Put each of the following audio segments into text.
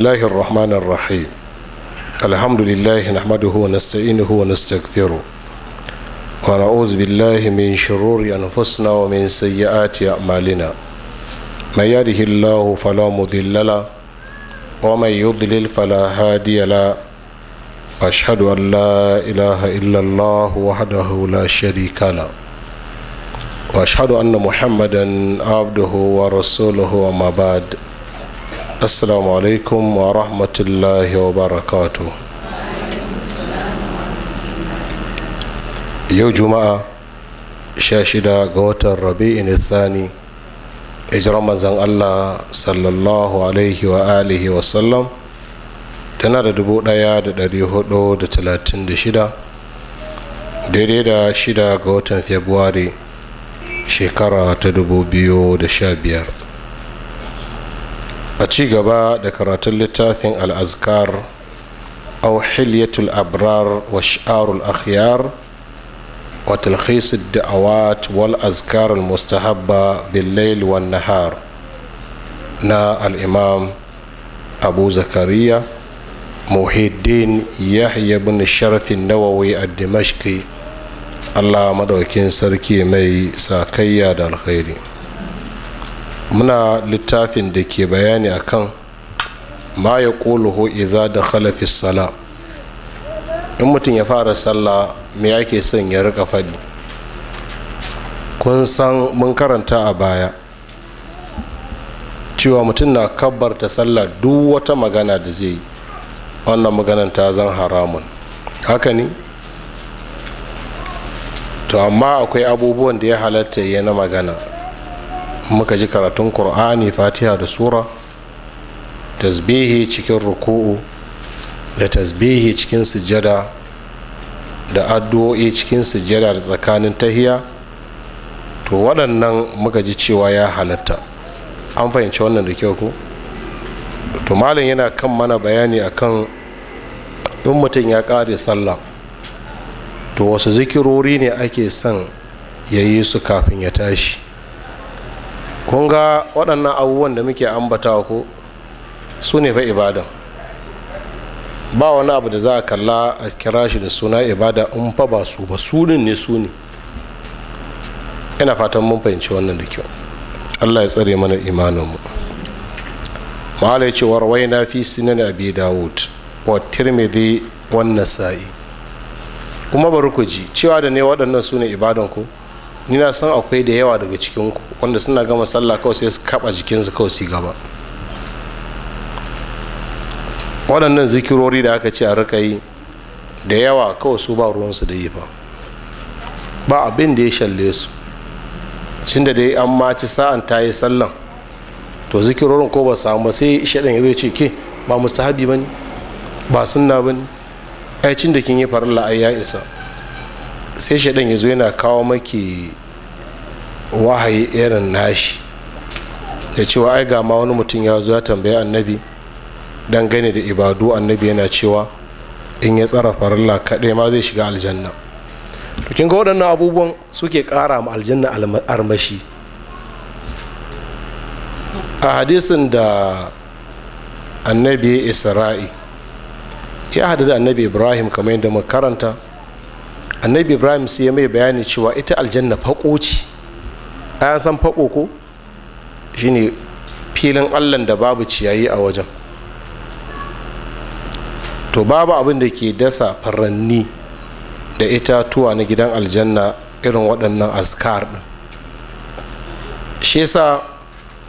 الله الرحمن الرحيم الحمد لله نحمده ونستعينه ونستغفره ونعوذ بالله من شرور أنفسنا ومن سيئات أعمالنا من يهده الله فلا مضل له ومن يضلل فلا هادي له أشهد أن لا إله إلا الله وحده لا شريك له وأشهد أن محمدا عبده ورسوله وما بعد assalamu alaikum wa rahmatullahi wa barakatu yau juma'a 16 ga watan rabi'in thani ijiran manzan allah sallallahu alaihi wa alihi sallam tana da da talatin shida daidai da shida ga watan februari shekara ta dubu biyu da sha biyar. a ci gaba da karatun littafin al'azkar au hilyatul abrar wa sha'arul akhyar wa da da'awat wal azkar mustahabba billail wan nahar na al'imam abu zakariya muhiddin yahya bin sharafin nawawi a dimashki allah madaukin sarki mai sakayya da alkhairi muna littafin da ke bayani akan ma ya ƙoluhu iza da khalafis sala in mutum ya fara sallah me yake son ya rika faɗi kun san mun karanta a baya cewa mutum na kabbarta sallah duk wata magana da zai yi wannan maganan ta zan haramun haka ne to amma akwai abubuwan da ya halatta ya na magana muka ji karatun ƙur'ani fatiha da sura tasbihi cikin ruku'u da tasbihi cikin sujjada da addu'o'i cikin sujjada da tsakanin tahiya to waɗannan muka ji cewa ya halatta an fahimci wannan da kyau ko to malam yana kan mana bayani akan in mutum ya ƙare sallah to wasu zikirori ne ake son ya yi su kafin ya tashi kun ga waɗannan abubuwan da muke ambatawa ko su ne fa ibadan ba wani abu da za a kalla a kira shi da suna ibada in fa ba su ba su ne su ne ina fatan mun fahimci wannan da kyau allah ya tsare mana imaninmu ma'ala ya ce warwai na fi sinan abi dawud wa tirmidhi wannan sa'i kuma bari ku ji cewa da ne waɗannan su ne ibadan ko. ni na san akwai da yawa daga cikinku wanda suna gama sallah kawai sai su kaba jikinsu kawai su gaba waɗannan zikirori da aka ce a rika da yawa kawai su ba ruwansu da yi ba ba abin da ya shalle su cin da dai an maci sa'an ta yi sallan to zikirorin ko ba samu ba sai shaɗan ya zai ce ke ba habi ba ne ba sunna ba ne ai cin da kin yi farin la'ayya ya isa sai shaɗan ya zo yana kawo maki wahayi irin nashi da cewa ai ga ma wani mutum ya zo ya tambayi annabi don gane da ibadu annabi yana cewa in ya tsara farilla kaɗai ma zai shiga aljanna to kin ga waɗannan abubuwan suke ƙara ma aljanna armashi a hadisin da annabi isra'i ya hadu da annabi ibrahim kamar yadda makaranta annabi ibrahim sai ya mai bayani cewa ita aljanna faƙo ce an san faƙo ko shine filin allan da babu ciyayi a wajen to babu abin da ke dasa faranni da ita tuwa na gidan aljanna irin waɗannan askar ɗin shi yasa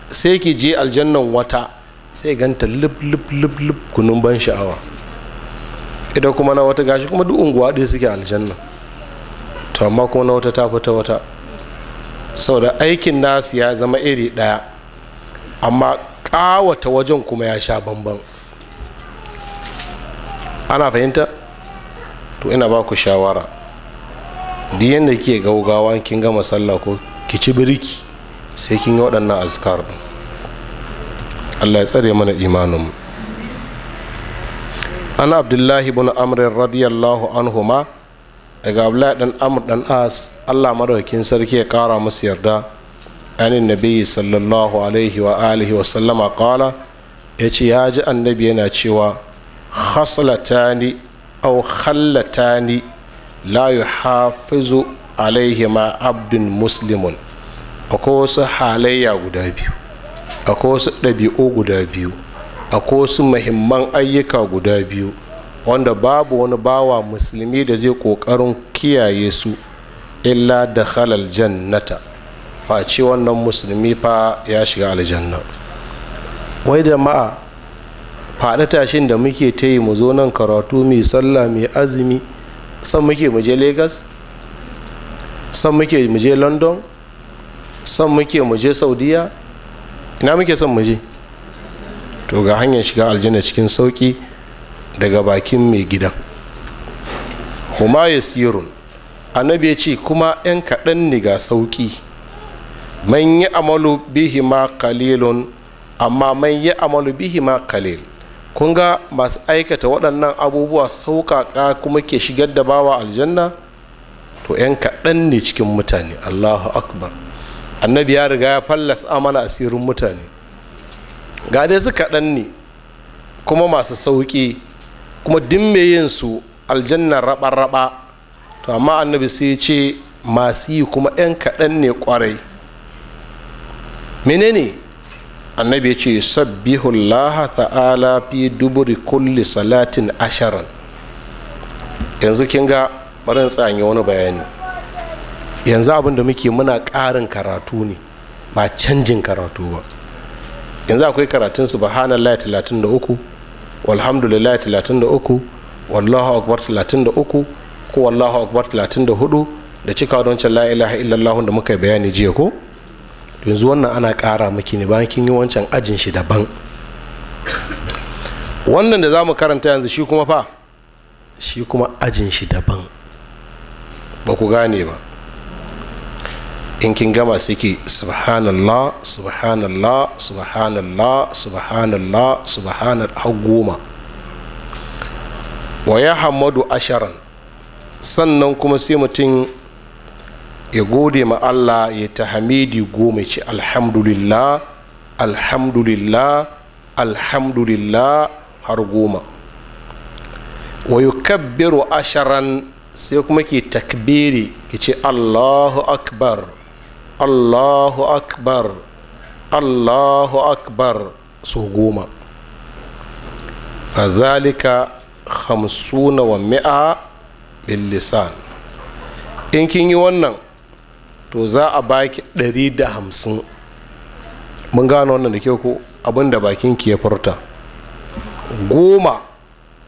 sai ki je aljannan wata sai ganta lub lub lub lub kunun ban sha'awa ita kuma na wata gashi kuma duk unguwa ɗaya suke aljanna to amma kuma na wata ta fita wata saboda aikin nasu ya zama iri ɗaya amma ƙawata wajen kuma ya sha bambam ana fahimta to ina ba ku shawara da yadda ke gaugawa kin gama sallah ko ki ci birki sai kin yi waɗannan azkar allah ya tsare mana mu an abdullahi bin amrin radiyallahu anhu ma daga abdullahi dan amur dan as allah madaukakin sarki ya kara musu yarda anin nabi sallallahu alaihi wa alihi wa sallama kala ya ce ya ji annabi yana cewa ni au ni la hafizu alaihi ma abdun muslimun akwai wasu halayya guda biyu akwai wasu ɗabi'u guda biyu akwai wasu mahimman ayyuka guda biyu wanda babu wani bawa musulmi da zai kokarin kiyaye su illa da halal jannata face wannan musulmi fa ya shiga aljanna wai jama'a faɗi tashin da muke ta yi mu zo nan karatu mai sallah mai azumi san muke mu je lagos san muke muje london san muke muje saudiya ina muke son muje to ga hanyar shiga aljanna cikin sauki daga bakin mai gidan kuma ya sirun annabi ya ce kuma 'yan kaɗan ne ga sauƙi man yi amalu bihi ma kalilun amma man yi amalu bihi ma kalil kun ga masu aikata waɗannan abubuwa sauƙaƙa kuma ke shigar da bawa aljanna to 'yan kaɗan ne cikin mutane allahu akbar annabi ya riga ya fallas amana asirin mutane ga dai su kaɗan ne kuma masu sauƙi kuma din mai yin su aljanna raba raba to amma annabi sai ce masu yi kuma 'yan kaɗan ne kwarai menene annabi ya ce sabbihullaha ta'ala fi duburi kulli salatin asharan yanzu kin ga barin tsanye wani bayani yanzu abin da muke muna ƙarin karatu ne ba canjin karatu ba yanzu akwai karatun subhanallah 33 walhamdulillah 33 wallahu akbar 33 ko wallahu akbar 34 da cika don can la ilaha illallahu da muka bayani jiya ko yanzu wannan ana kara maki ne bayan kin yi wancan ajin shi daban wannan da za mu karanta yanzu shi kuma fa shi kuma ajin shi daban ba ku gane ba in kin gama sai ki subhanallah subhanallah subhanallah subhanallah subhanallah har goma wa ya hamadu asharan sannan kuma sai mutum ya gode ma Allah ya ta hamidi goma ce alhamdulillah alhamdulillah alhamdulillah har goma wa yukabbiru asharan sai kuma ke takbiri ki ce Allahu akbar allahu akbar allahu akbar su goma fazalika hamsuna wa mi'a bil in kin yi wannan to za a baki ɗari da hamsin mun gano wannan da kyau ko abinda da bakin ki ya furta goma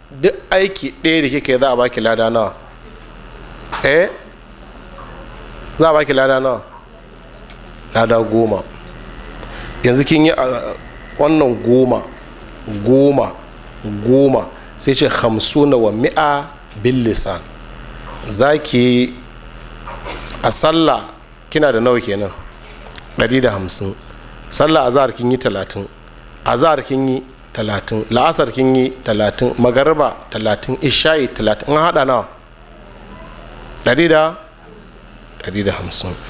duk aiki ɗaya da ke kai za a baki lada nawa eh za a baki lada nawa lada goma yanzu kin yi a ah, wannan goma goma goma sai ce hamsu na wa mi'a billisan za ki a sallah kina da nawa kenan 150 sallah azhar kin yi 30 azhar kin yi 30 la'asar kin yi 30 magarba 30 isha'i 30 an hada nawa 100 150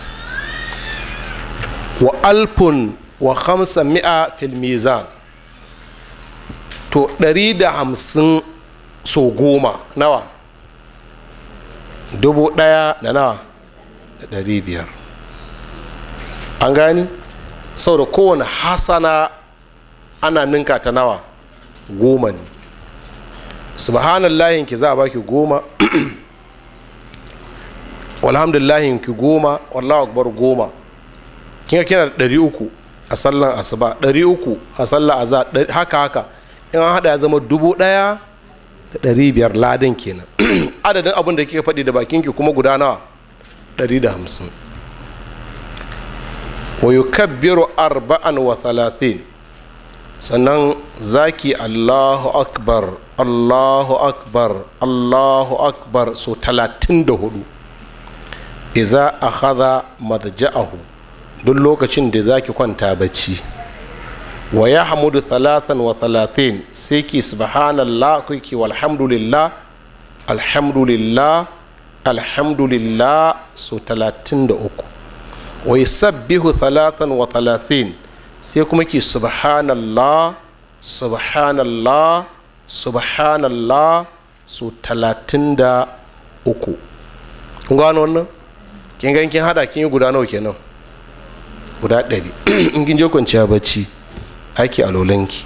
wa alfun wa hamsa mi'a fil mizan to da hamsin so goma nawa dubu ɗaya da nawa da dari biyar an gani sau da kowane hasana ana ninka ta nawa goma ne subhanallahin ki za a baki goma walhamdulillahin ki goma wallahu akbar goma kin kira ɗari uku a sallan asuba ɗari uku a sallan aza haka haka in an haɗa ya zama dubu ɗaya da ɗari biyar ladin kenan adadin abin da kika faɗi da bakin ki kuma guda nawa ɗari da hamsin wa yukabbiru arba'an wa thalathin sannan zaki allahu akbar allahu akbar allahu akbar so talatin da hudu iza akhadha madja'ahu duk lokacin da za ki kwanta bacci wa ya hamudu talatan wa talatin sai ki subhanallah ki walhamdulillah alhamdulillah alhamdulillah so talatin da uku wa yi sabbihu talatan wa talatin sai kuma ki subhanallah subhanallah subhanallah so talatin da uku kun gano wannan kin kin hada kin yi guda nawa kenan guda ɗari in kin je kwanciya bacci ake alolanki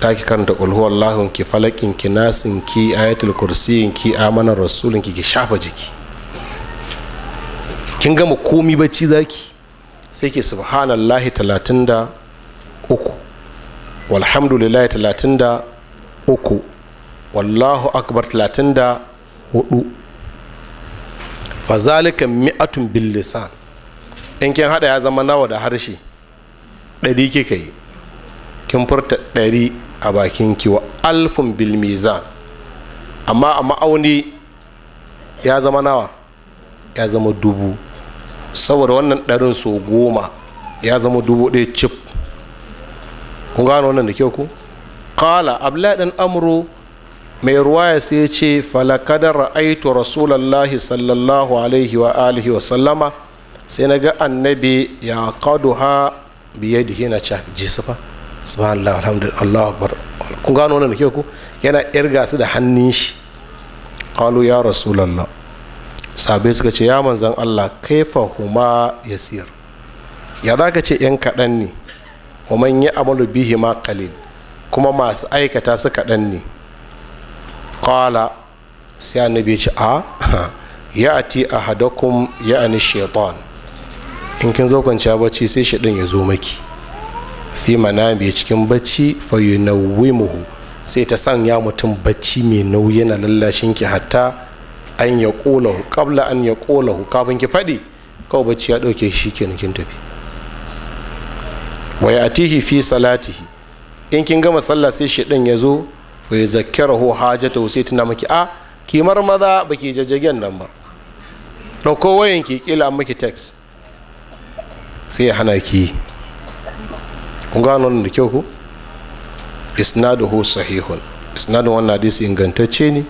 ki karanta ulhu Allahun ki falakin ki nasin ki ayatul kursiyin ki amanar rasulun ki ki shafa jiki kin gama komi bacci zaki sai ki subhanallahi talatin da uku walhamdulillahi talatin da uku wallahu akbar talatin da hudu fazalika mi'atun billisan in kin hada ya zama nawa da harshe ɗari ke yi kin furta ɗari a bakin kiwa alfin bilmizan amma a ma'auni ya zama nawa ya zama dubu saboda wannan ɗarin so goma ya zama dubu ɗaya cif kun gano wannan da kyau ku kala abdullahi amuru amuro mai ruwaya sai ya ce falakadar ra'aitu rasulallah sallallahu alaihi wa alihi wa sallama sai na ga annabi ya ha qaduha da yadihi na cha jisfa subhanallah alhamdulillah akbar kun gano wannan ke ku yana irga su da hannun shi qalu ya rasulullah sabai suka ce ya manzan Allah kaifa huma yasir ya za ka ce yan kaɗan ne wa man yi amalu bihi ma kalil kuma masu aikata su kaɗan ne kwala sai annabi ce a ya ati ahadakum ya ani shaitan in kin zo kwanciya bacci sai shaɗin ya zo maki fi manami cikin bacci fayunawimuhu sai ta sanya mutum bacci mai nauyi na lallashin ki hatta an ya hu kabla an ya hu kafin ki faɗi kawai bacci ya ɗauke shi kenan kin tafi waya atihi fi salatihi in kin gama sallah sai shaɗin ya zo fa zakkira ho hajjata sai tuna maki a ah, kimar maza baki jajjagen nan ba ɗauko wayanki kila maki text sai ya hana ki kun gano wannan da kyau ku isnaduhu sahihun isnadun wannan hadisi ingantacce ne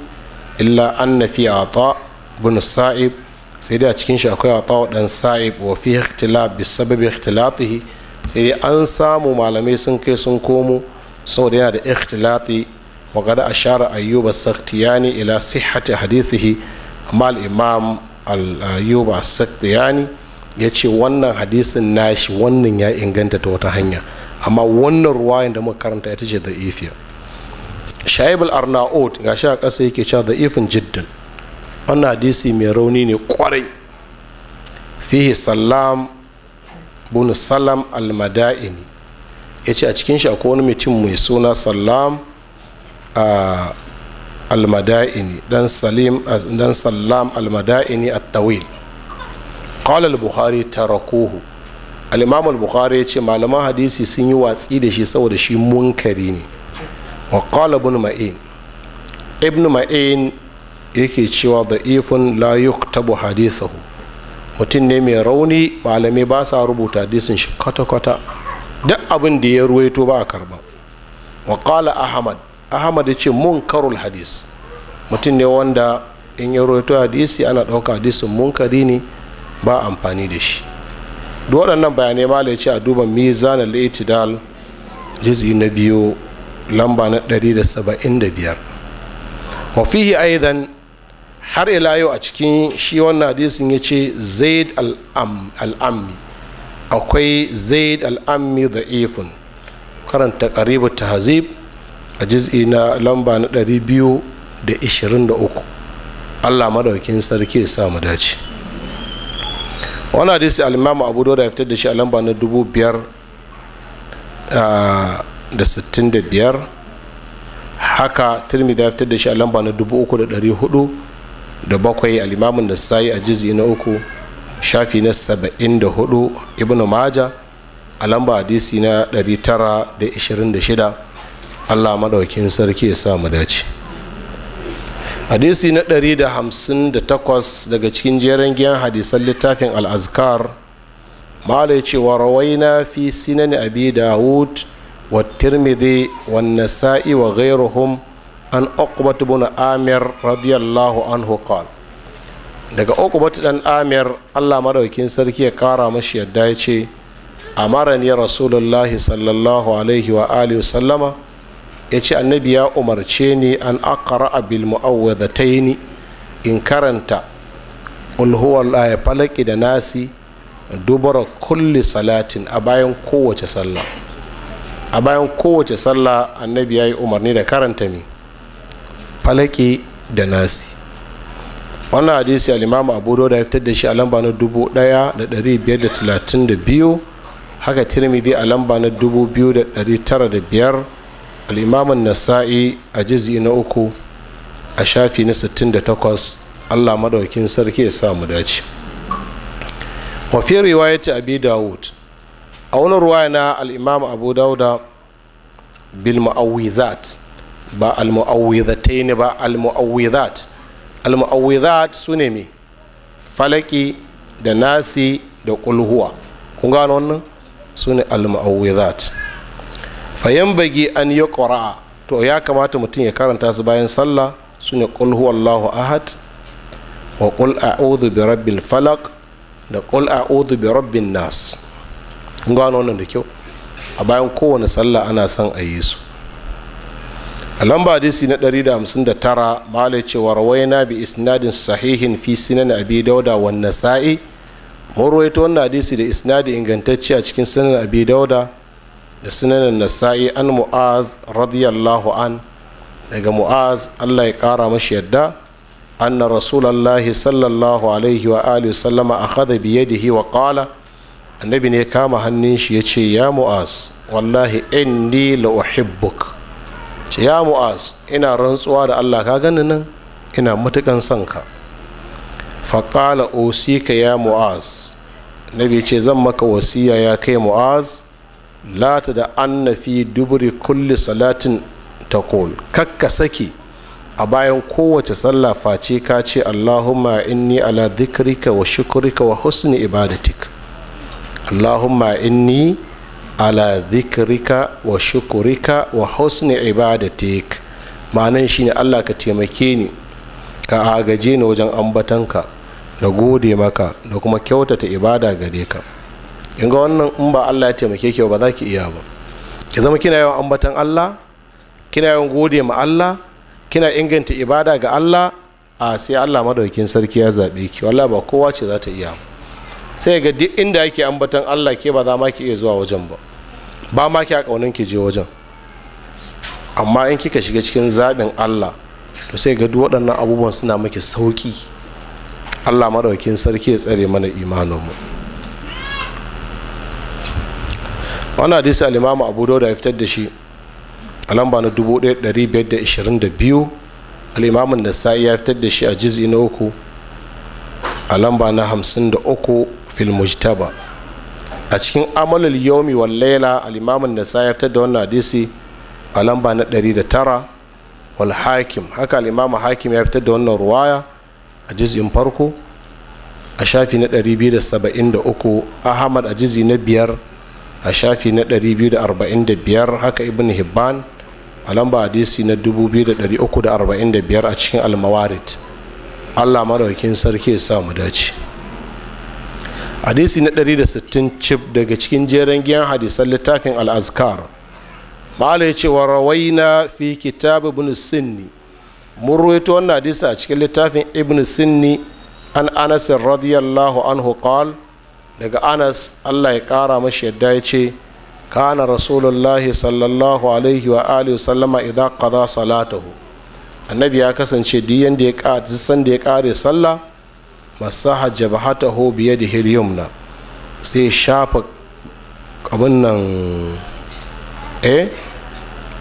illa anna fi ata ibn sa'ib sai dai a cikin shi akwai ata dan sa'ib wa fi ikhtilaf bi sababi ikhtilatihi sai dai an samu malamai sun kai sun komo saboda yana da ikhtilati wa qad ashara ayyub as-sakhtiyani ila sihhati hadithihi amma al-imam al-ayyub as ya ce wannan hadisin nashi wannan ya inganta ta wata hanya amma wannan ruwayan da muka karanta ita ce da ifiya shaib al-arnaud ga shi a ƙasa yake cewa da ifin jiddan wannan hadisi mai rauni ne kwarai fihi salam bin salam al ya ce a cikin shi akwai wani mutum mai suna salam al-mada'ini dan salim dan salam al-mada'ini at-tawil qala al-bukhari tarakuhu al-imam al-bukhari ya ce malaman hadisi sun yi watsi da shi saboda shi munkari ne wa qala ibn ma'in ibn ma'in yake cewa da'ifun la yuktabu hadithahu mutum ne mai rauni malamai ba sa rubuta hadisin shi kwata-kwata duk abin da ya ruwaito ba a karba wa qala ahmad ahmad ya ce munkarul hadis mutum ne wanda in ya ruwaito hadisi ana ɗauka hadisin munkari ne ba amfani da shi waɗannan bayanai malai ce a duba mizanin laitidal jizi na biyu lamba na 175 wa aidan har ila yau a cikin shi wannan hadisin ya ce zaid al'ammi akwai zaid al'ammi da ifun karanta karibu ta tahzib a juz'i na lamba na 223 Allah madaukin sarki ya samu dace wani hadisi alimamu abu da ya fitar da shi a lamba na dubu biyar ah, da sittin da biyar haka da ya fitar da shi a lamba na dubu uku da dari hudu da bakwai alimamin da sayi a jizi na uku shafi na saba'in da hudu ibnu maja a lamba hadisi na dari tara da ishirin da shida allah madaukin sarki ya sa mu dace hadisi na ɗari da da 158 daga cikin jerin giyan hadisan littafin al'azkar ma'ala ya ce wa rawaina fi sinani abi dawud wa tirmidhi wa nasa'i wa ghairuhum an uqbat ibn amir radiyallahu anhu qal daga uqbat dan amir Allah madaukin sarki ya kara mashi yadda ya ce amarani rasulullahi sallallahu alaihi wa alihi wa sallama ya ce annabi ya umarce ni an ta yi ni in karanta ulhuwal ya falaki da nasi dubara kulli salatin a bayan kowace sallah a bayan kowace sallah annabi ya yi umarni da karanta mi falaki da nasi wannan hadisi alimamu abu da ya fitar da shi a lamba na 1532 haka tirmidhi a lamba na 2905 al'imamun nasa'i a jizi na uku a shafi na 68 allah maɗaukin sarki ya samu dace wafi riwayati abi dawud a wani ruwaya na al'imam abu dauda bil mu'awwizat ba al ne ba al mu'awwizat al mu'awwizat su ne me falaki da nasi da kulhuwa kun gano wannan su ne al Fayan bagi an yi ƙura'a to ya kamata mutum ya karanta su bayan sallah su ne ƙul huwallahu ahad wa ƙul a'udhu bi rabbil falak da ƙul a'udhu bi rabbin nas gano wannan da kyau a bayan kowane sallah ana son a yi su a lamba hadisi na 159 malai cewa rawaina bi isnadin sahihin fi sinan abi dauda wa nasa'i mun rawaito wannan hadisi da isnadi ingantacce a cikin sinan abi dauda da sunanin nasa'i an mu'az radiyallahu an daga mu'az allah ya kara mashi yadda anna rasulallahi sallallahu alaihi wa alihi sallama kada bi da wa kala annabi ne kama hannun shi ya ce ya mu'az wallahi inni la uhibbuk ce ya mu'az ina rantsuwa da allah ka gani nan ina matukan son ka faƙala osika ya mu'az nabi ce zan maka wasiya ya kai mu'az la ta da na fi duburi kulli salatin ta kol kakka saki a bayan kowace sallah face ka ce allahumma inni ala dhikrika wa shukrika wa husni ibadatik allahumma inni ala dhikrika wa shukrika wa husni ibadatik ma'anan shine allah ka taimake ni ka agaje ni wajen ambatanka da gode maka da kuma kyautata ibada gare ka in ga wannan in ba allah ya taimake ki ba za ki iya ba ki zama kina yawan ambatan allah kina yawan gode ma allah kina inganta ibada ga allah a sai allah madaukin sarki ya zaɓe ki wallah ba kowa ce za ta iya sai ga duk inda ake ambatan allah ke ba za ma ki iya zuwa wajen ba ba ma ki a ƙaunin ki je wajen amma in kika shiga cikin zaɓin allah to sai ga duk waɗannan abubuwan suna maki sauƙi allah madaukin sarki ya tsare mana imaninmu wani hadisi alimamu abu dauda ya fitar da shi a lamba na 1522 alimamun da sa'i ya fitar da shi a jiz'i na uku a lamba na 53 fil mujtaba a cikin amalul yomi wal laila alimamun da sa'i ya fitar da wannan hadisi a lamba na 109 wal hakim haka alimamu hakim ya fitar da wannan ruwaya a jiz'in farko a shafi na 273 ahmad a jiz'i na biyar a shafi na 245 haka ibn hibban a lamba hadisi na 2345 a cikin almawarit allah maraukin sarki ya sa mu dace hadisi na 160 cif daga cikin jeren giyan hadisan littafin al'azkar ma'ala ya ce wa na fi kitab ibn sinni mun ruwaito wannan hadisi a cikin littafin ibn sinni an anasin radiyallahu anhu qala daga anas allah ya ƙara mashi yadda ya ce kana rasulullahi sallallahu alaihi wa alihi sallama idan qada salatahu annabi ya kasance duk yanda ya ƙare san da ya kare sallah masaha taho biye da al na sai shafa abin nan eh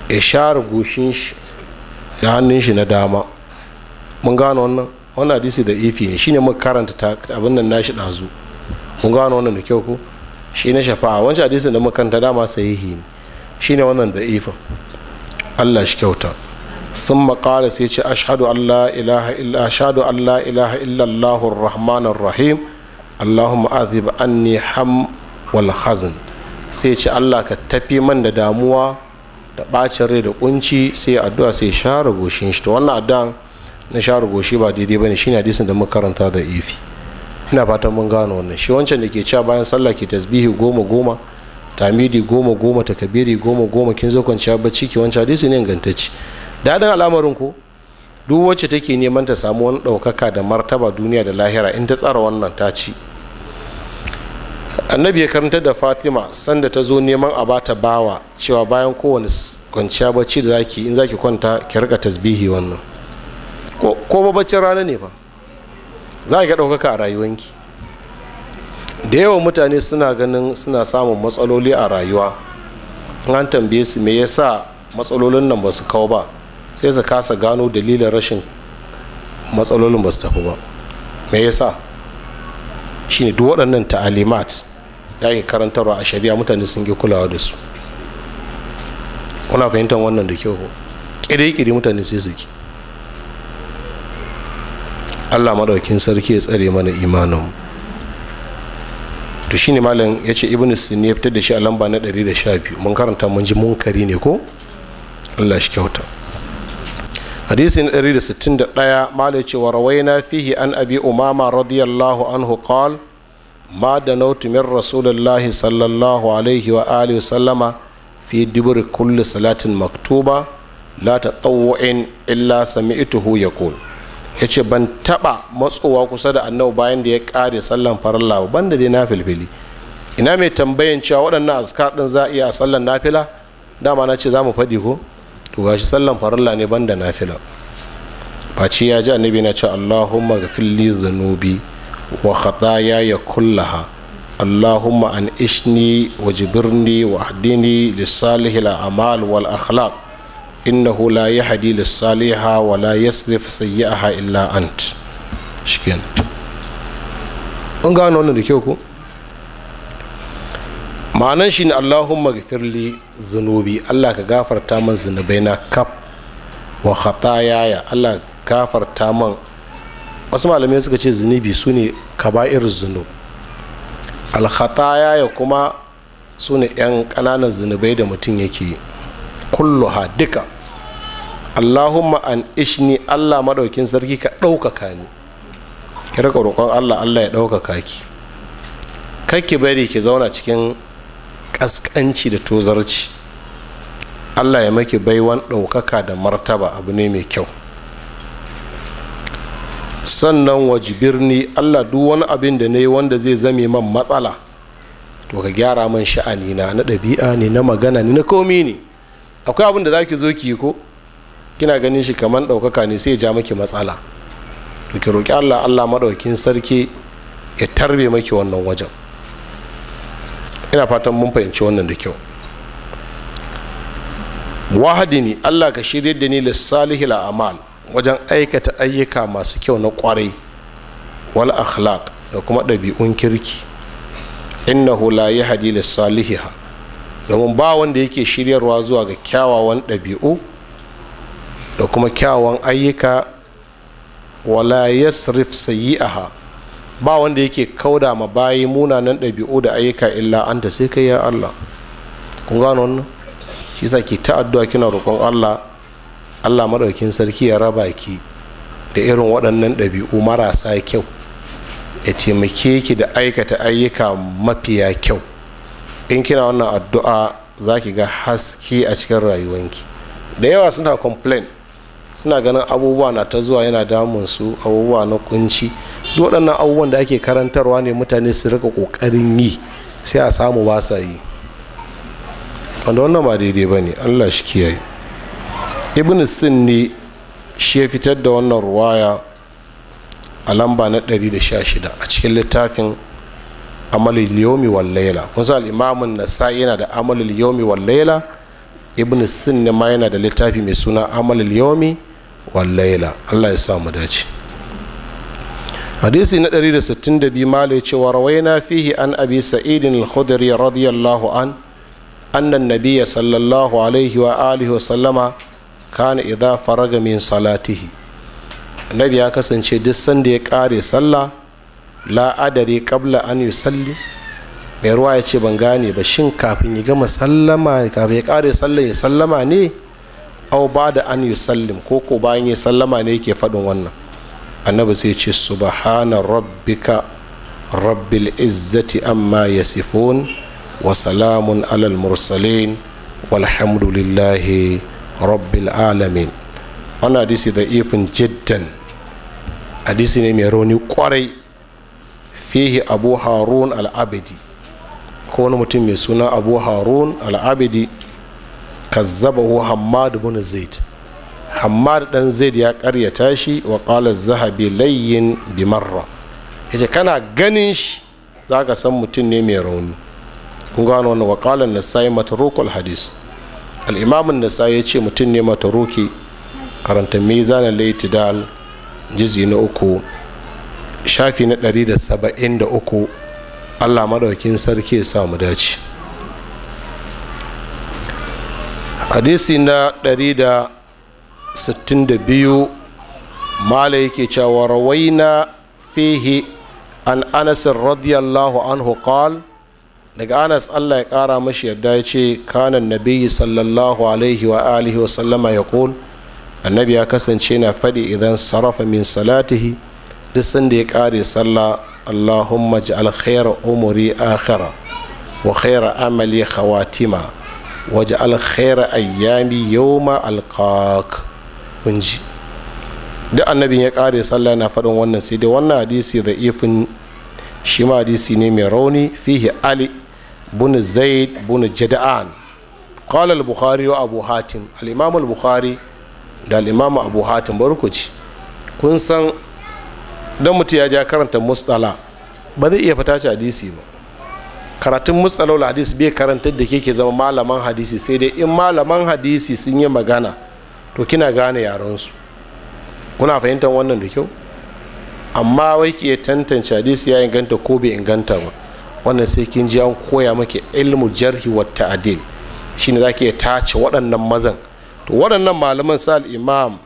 ya share gushin shi da hannun shi na dama mun gano wannan wannan hadisi da ifi ne shine muka karanta abin nan nashi ɗazu mun gano wannan da kyau ko shi ne shafa'a wancan hadisin da makanta dama sahihi ne shi ne wannan da ifa allah shi kyauta sun makala sai ce ashadu allah ilaha illa ashadu allah ilaha illallahu rahmanar rahim allahumma azib ham wal sai ce allah ka tafi man da damuwa da bacin rai da kunci sai addu'a sai sha goshin shi to wannan addu'an na sha goshi ba daidai bane shine hadisin da muka karanta da ifi ina fatan mun gano wannan shi wancan da ke cewa bayan sallah ke tasbihi goma goma tamidi goma goma takabiri goma goma kin zo kwanciya bacci ke wancan hadisi ne da dan al'amarin ko duk wacce take neman ta samu wani ɗaukaka da martaba duniya da lahira in ta tsara wannan ta ci annabi ya karanta da fatima sanda ta zo neman a bata bawa cewa bayan kowane kwanciya bacci da zaki in zaki kwanta ki rika tasbihi wannan ko baccin rana ne ba. za ga ɗaukaka a rayuwanki da yawan mutane suna ganin suna samun matsaloli a rayuwa an tambaye su me yasa matsalolin nan ba su kawo ba sai su kasa gano dalilin rashin matsalolin ba su tafi ba me yasa shine duk waɗannan ta'alimat da ake karantarwa a shari'a mutane sun ki kulawa da su kuna fahimtar wannan da kyau ko mutane sai su ki allah maɗaukin sarki ya tsare mana imanin to shi ne malam ya ce ibn sin ya fitar da shi a lamba na 112 mun karanta mun ji munkari ne ko allah shi kyauta hadisi na 161 malam ce wa rawaina fihi an abi umama radiyallahu anhu qal ma da nautu min rasulullahi sallallahu alaihi wa alihi wa sallama fi dubur kulli salatin maktuba la ta tatawwu'in illa sami'tuhu yaqul ya ce ban taɓa matsowa kusa da annabi bayan da ya kare sallan farilla ban da dai na filfili ina mai tambayan cewa waɗannan askar ɗin za a iya a sallan nafila dama na ce za mu faɗi ko to gashi sallan lawa ne ban da nafila face ya ji annabi na ce allahumma gafilli zanubi wa khataya ya kullaha allahumma an ishni wa jibirni wa ahdini lissalihil a'mal wal akhlaq innahu la yi lis-saliha wa la yaslif sayyi'aha illa ant shikin an gano wannan da kyau ko ma'anan shi ne allahumma gafirli zunubi allah ka gafarta man zunubai na kaf wa khatayaya allah gafarta man wasu malamai suka ce zunubi su ne kaba'ir zunub alkhatayaya kuma su ne 'yan ƙananan zunubai da mutum yake yi kulluha duka allahumma an ishni allah madaukin sarki ka ɗaukaka ni ki rika roƙon allah allah ya ɗaukaka ki kai ki bari ki zauna cikin ƙasƙanci da tozarci allah ya maki baiwan ɗaukaka da martaba abu ne mai kyau sannan wajibirni allah duk wani abin da ne wanda zai zame man matsala to ka gyara man sha'ani na na ɗabi'a ne na magana ne na komi ne akwai abin da za ki zo ki yi ko kina ganin shi kamar ɗaukaka ne sai ya ja maki matsala to ki roƙi allah allah maɗaukin sarki ya tarbe maki wannan wajen ina fatan mun fahimci wannan da kyau wahadini allah ka shirya da ni lissalihi amal wajen aikata ayyuka masu kyau na kwarai wal akhlaq da kuma ɗabi'un kirki innahu la yahdi lissalihiha domin ba wanda yake shiryarwa zuwa ga kyawawan ɗabi'u da kuma kyawawan ayyuka wala yasrif sayyi'aha ba wanda yake kauda ma bayi munanan ɗabi'u da ayyuka illa anta sai kai ya Allah kun gano wannan shi sa ki ta addu'a kina roƙon Allah Allah madaukin sarki ya raba ki da irin waɗannan ɗabi'u marasa kyau ya taimake ki da aikata ayyuka mafiya kyau in kina wannan addu'a za ki ga haske a cikin rayuwanki da yawa suna complain suna ganin abubuwa na ta zuwa yana damun su abubuwa na kunci duk waɗannan abubuwan da ake karantarwa ne mutane su rika ƙoƙarin yi sai a samu ba sa yi wanda wannan ba daidai ba ne allah shi kiyaye ibn Sin ne shi ya fitar da wannan ruwaya a lamba na 116 a cikin littafin Amalil yomi wal laila kun san al-imamun nasa'i yana da amalil yomi wal laila ibn sinna ma yana da littafi mai suna amalil yomi wal laila Allah ya sa mu dace hadisi na 162 mala ya ce wa rawaina fihi an abi sa'idin al-khudri radiyallahu an anna an-nabiyya sallallahu alaihi wa alihi wa sallama kana idza faraga min salatihi annabi ya kasance duk sanda ya kare sallah la adari kabla an salli mai ruwa ya ce ban gane ba shin kafin ya gama sallama kafin ya kare sallan ya sallama ne au ba da an sallim ko ko bayan ya sallama ne yake faɗin wannan annabi sai ce subhana rabbika rabbil izzati amma yasifun wa salamun alal mursalin walhamdulillahi rabbil alamin wannan hadisi da ifin jiddan hadisi ne mai rauni kwarai fihi abu harun al'abidi ko wani mutum mai suna abu harun al'abidi kazzabahu hammad bin zaid hammad dan zaid ya karyata shi wa qala zahabi layyin bi marra yace kana ganin shi zaka san mutum ne mai rauni kun gano wannan wa qala an-nasai matrukul hadis al-imam an-nasai yace mutum ne matruki karanta mizanin laiti itidal jizi na uku shafi na 173 allah madaukin sarki ya samu dace hadisi na 162 mala yake cewa rawaina fihi an anas radiyallahu anhu qal daga anas allah ya kara mashi yadda ya ce kanan nabi sallallahu alaihi wa alihi wa sallama ya annabi ya kasance na faɗi idan sarrafa min salatihi duk sanda ya kare sallah allahumma ji khayra umuri akhira wa khayra amali khawatima wa ji ayyami ma alqaq kunji duk annabin ya kare sallah na faɗin wannan sai dai wannan hadisi da ifin shi ma hadisi ne mai rauni fihi ali bin zaid bin jada'an qala al-bukhari wa abu hatim al-imam bukhari da al-imam abu hatim barkuci kun san don mutum ya ja karanta mustala ba zai iya fita shi hadisi ba karatun mustalol hadisi bai karanta da ke zama malaman hadisi sai dai in malaman hadisi sun yi magana to kina gane su kuna fahimtar wannan da kyau amma wai ke tantance hadisi ya inganta ko bai inganta ba wannan sai kin ji an koya maki ilmu jarhi wa ta'dil shine zaki iya tace waɗannan mazan to waɗannan malaman sal imam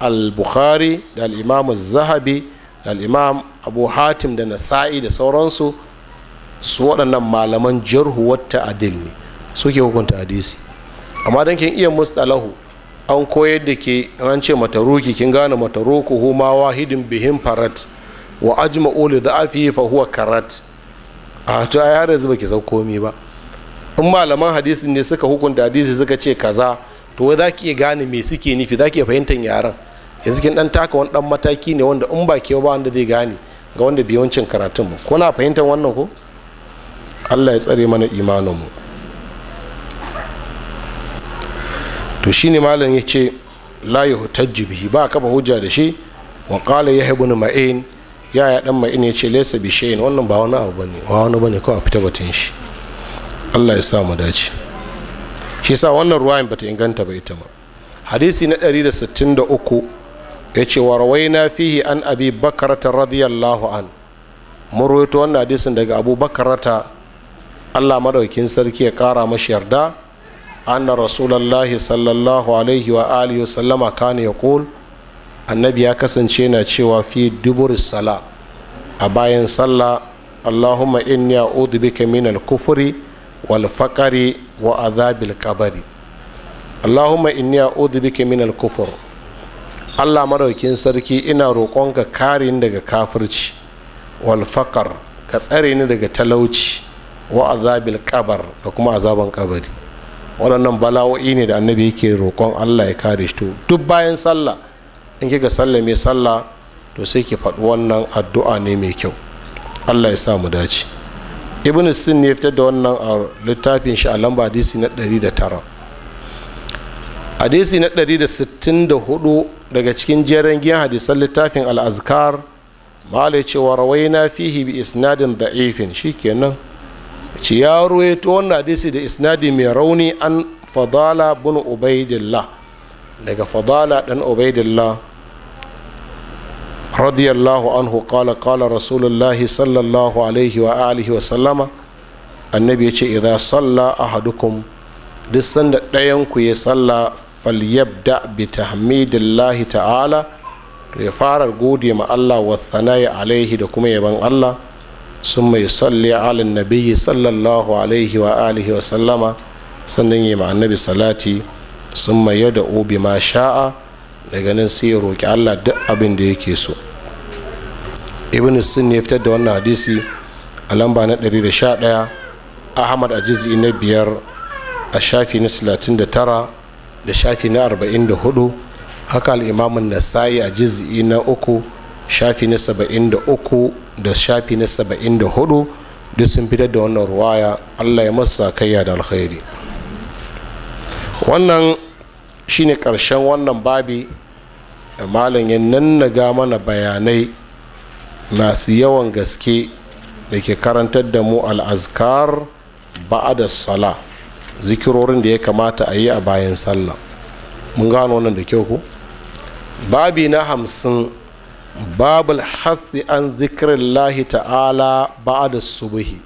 al-bukhari da al-imam zahabi da al-imam abu hatim da nasa'i da sauransu su waɗannan malaman jarhu wata adil ne suke hukunta hadisi amma don kin iya mustalahu an koyar da ke an ce mataruki kin gane mataruku huma wahidin bihin farat wa ajma'u li da'afi fa huwa karat a to baki san komi ba in malaman hadisi ne suka hukunta hadisi suka ce kaza to wai zaki iya gane me suke nufi zaki iya fahimtar yaren. yanzu kin dan taka wani dan mataki ne wanda in ba ke ba wanda zai gane ga wanda bai yawancin karatun ba kuna fahimtar wannan ko Allah ya tsare mana imanin mu to shine malam ya ce la yuhtajju bihi ba kafa hujja da shi wa qala yahya ibn ma'in ya ya dan ma'in ya ce laysa bi shay'in wannan ba wani abu bane ba wani bane kawai fita batun shi Allah ya sa mu dace shi sa wannan ruwayin bata inganta ba ita ma hadisi na 163 ya ce wa rawaina fihi an abi bakarata radiyallahu an murwaito rawaito wannan hadisin daga abu bakarata allah madaukin sarki ya kara mashi yarda anna rasulallah sallallahu alaihi wa alihi sallama kana ya kul annabi ya kasance na cewa fi dubur sala a bayan sallah allahumma inni a'udhu bika min al-kufri wal faqari wa adhabil kabari allahumma inni a'udhu bika min al-kufri allah maraukin sarki ina roƙonka kare ni daga kafirci walfakar ka tsare ni daga talauci wa azabil qabr da kuma azaban kabari waɗannan bala'o'i ne da annabi yake roƙon allah ya kare shi to duk bayan sallah in kika sallame sallah to sai ki faɗi wannan addu'a ne mai kyau allah ya sa mu dace ibn sin ne ya fitar da wannan a littafin shi a lamba hadisi na 109 hadisi na 164 daga cikin jerin giyan hadisan littafin al'azkar malai cewa rawai na fihi bi isnadin da'ifin kenan ci ya ruwaito wannan hadisi da isnadi mai rauni an fadala bin ubaidillah daga fadala dan ubaidillah radiyallahu anhu qala qala rasulullahi sallallahu alaihi wa alihi wa sallama annabi ya ce idan salla ahadukum duk sanda ɗayan ku ya salla falyabda bi tahmidillahi ta'ala to ya fara gode ma Allah wa thana'i alaihi da kuma yaban Allah sun mai salli ala nabiyyi sallallahu alaihi wa alihi wa sallama sannan yi ma annabi salati sun mai yada obi ma sha'a daga nan sai ya roƙi Allah duk abin da yake so ibn sun ya fitar da wannan hadisi a lamba na 111 ahmad a jizi na biyar a shafi na 39 da shafi na 44 haka al'imamun nasa'i a jiz'i na uku shafi na 73 da shafi na 74 duk sun fitar da wannan ruwaya allah ya masa kayya da alkhairi wannan shine karshen wannan babi da malam ya nannaga mana bayanai masu yawan gaske da ke karantar da mu al'azkar ba'a da sala zikirorin da ya kamata a yi a bayan sallah mun gano wannan da kyau ku babi na hamsin babul hafi an zikirin lahi ta'ala ba'da subuhi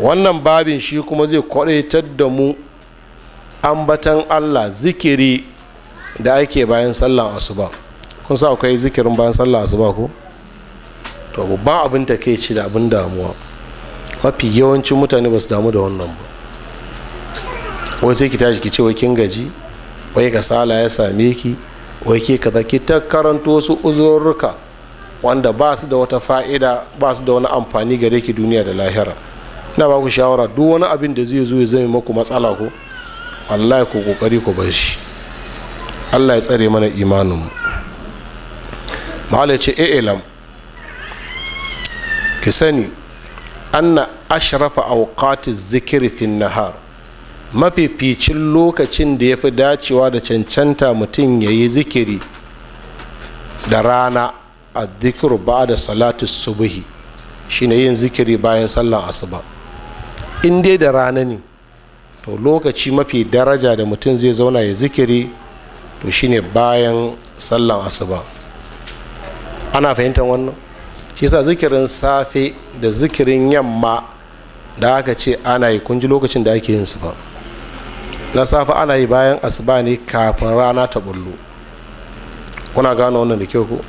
wannan babin shi kuma zai kwadaitar da mu ambatan allah zikiri da ake bayan sallah asuba kun sa akwai zikirin bayan su asuba ko to ba abin da ke ci da abin damuwa mafi yawancin mutane ba su damu da wannan ba wai sai ki tashi ki ce wai kin gaji wai ka sala ya same ki wai ke kaza ki ta karanto wasu uzurruka wanda ba su da wata fa'ida ba su da wani amfani gare ki duniya da lahira ina ba ku shawara duk wani abin da zai zo ya zame maku matsala ko wallahi ku kokari ku bar shi Allah ya tsare mana imanin mu mahala ce ilam eh, eh, ki sani anna ashrafa awqatiz zikri fi nahar mafificin lokacin da ya fi dacewa da cancanta mutum ya yi zikiri da rana a zikiru ba da salatu subuhi shine yin zikiri bayan sallan asuba in dai da rana ne to lokaci mafi daraja da mutum zai zauna ya zikiri to shine bayan sallan asuba ana fahimtar wannan shi sa zikirin safe da zikirin yamma da aka ce ana yi kunji lokacin da ake yin su ba na safe ana yi bayan asuba ne kafin rana ta bullo kuna gano wannan da kyau ku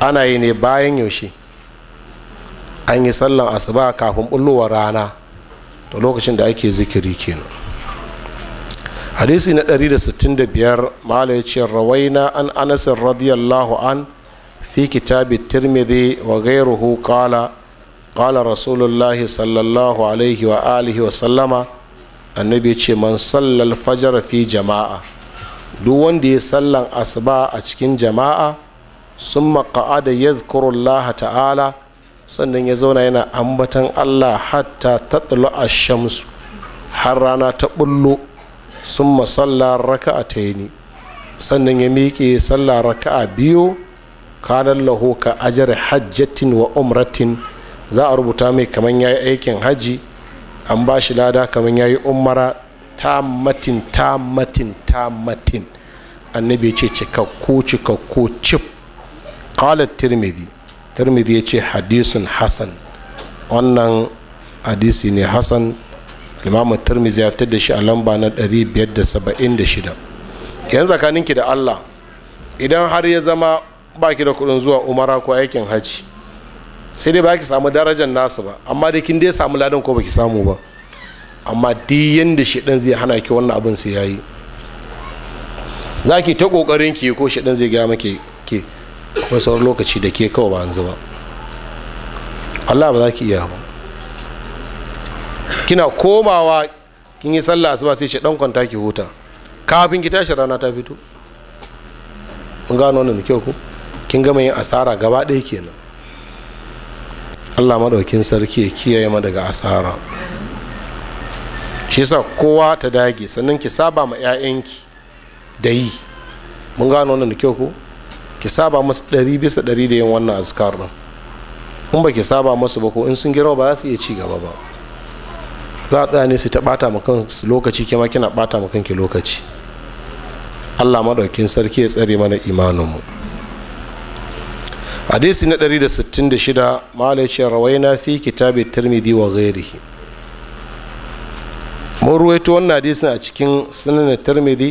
ana yi ne bayan yaushe an yi sallan asuba kafin bullowar rana da lokacin da ake zikiri kenan hadisi na 165 malai ya ce rawaina an anasin radiyallahu an fi kitabi tirmidhi wa gairuhu kala kala rasulullahi sallallahu alaihi wa alihi wa sallama annabi ce man sallal fajar fi jama'a duk wanda ya sallan asuba a cikin jama'a sun maka'ada ya laha ta'ala sannan ya zauna yana ambatan allah hatta ta a shamsu har rana ta bullo sun masalla raka a ta sannan ya miƙe sallah a biyu kanan lahoka ka ajar hajjatin wa umratin za a rubuta mai kamar ya yi aikin haji an ba shi lada kamar ya yi umara ta ta matin matin ta matin annabi ce cikakku cikakku cif kalar tirmidhi tirmidhi ya ce hadisun Hassan. wannan hadisi ne Hassan limamin tirmidhi ya fitar da shi a lamba na 576 yanzu tsakaninki da allah idan har ya zama baki da kudin zuwa umara ko aikin hajji sai dai ba ki samu darajar nasu ba amma dai kin dai samu ladan ko baki samu ba amma duk yanda shedan zai hana ki wannan abin sai yayi zaki ta kokarin ki ko shedan zai gaya maki ke ko sauran lokaci da ke kawai ba an zuba Allah ba za ki iya ba kina komawa kin yi sallah asuba sai shedan kwanta ki huta kafin ki tashi rana ta fito mun gano nan kyau ko kin gama yin asara gaba ɗaya kenan allah madaukin sarki ya kiyaye ma daga asara shi sa kowa ta dage sannan ki saba ma 'ya'yanki da yi mun gano wannan da kyau ku ki saba masu ɗari bisa ɗari da yin wannan azkar ɗin kun ba ki saba masu ba ko in sun girma ba za su iya ci gaba ba za a tsaya ne su ta ɓata ma kansu lokaci ke kina ɓata ma kanki lokaci allah madaukin sarki ya tsare mana imaninmu mu hadisi na 166 malai ce rawaina fi kitabi tirmidhi wa ghairihi mun ruwaito wannan hadisin a cikin sunan tirmidhi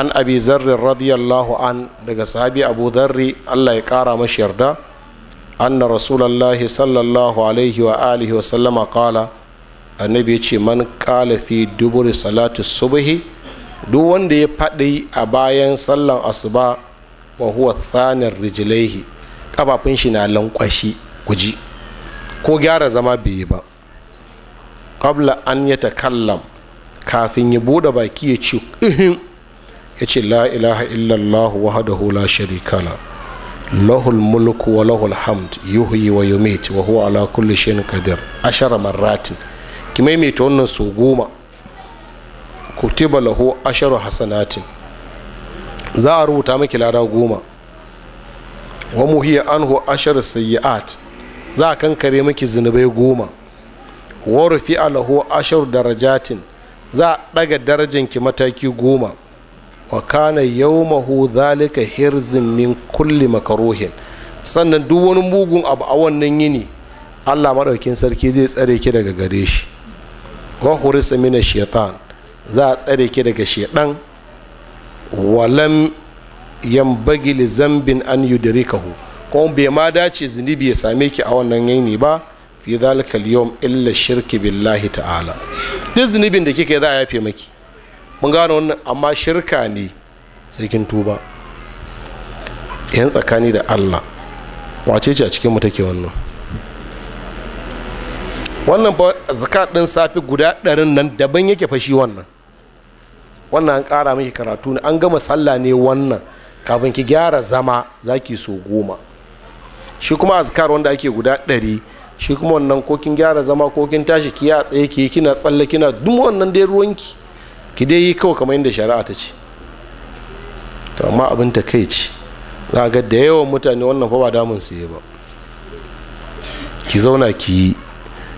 an abi zarri radiyallahu an daga sahabi abu zarri allah ya kara mashi yarda anna rasulullahi sallallahu alaihi wa alihi wa sallama kala annabi ya ce man kala fi duburi salatu subhi duk wanda ya faɗi a bayan sallan asuba wa huwa thanin rijilaihi kafafun shi na lankwashi kuji ko gyara zama bai ba kabla an ya takallam kafin ya bude baki ya ce ihin ya ce la ilaha illallah wahadahu la sharika lahul mulku wa lahul hamd yuhyi wa yumit wa huwa ala kulli shay'in qadir ashara marratin ki maimaita wannan su goma kutiba lahu asharu hasanatin za a rubuta miki lada goma wa muhiya anhu ashar sayyi'at za a kankare miki zunubai goma wa rufi alahu ashar darajatin za a ɗaga ki mataki goma wa kana yawmahu zalika hirzin min kulli makarohin sannan duk wani mugun abu a wannan yini allah maɗaukin sarki zai tsare ki daga gare shi wa hurisa mina shaitan za a tsare ki daga shaitan walam yambagi li zambin an yudrikahu kuma bai ma dace zunubi ya same ki a wannan yini ba fi zalika yawm illa shirki billahi ta'ala duk zunubin da kike za a yafe maki mun gane wannan amma shirka ne sai kin tuba yan tsakani da Allah wace ce a cikin mu take wannan wannan ba zakat din safi guda ɗarin nan daban yake fashi wannan wannan an kara miki karatu ne an gama sallah ne wannan kafin ki gyara zama za ki so goma shi kuma azkar wanda ake guda ɗari shi kuma wannan ko kin gyara zama ko kin tashi ki a tsaye ki kina tsalle kina duk wannan dai ruwanki ki dai yi kawai kamar yadda shari'a ta ce to amma abin ta kai ce za ga da yawan mutane wannan fa ba damun su ba ki zauna ki yi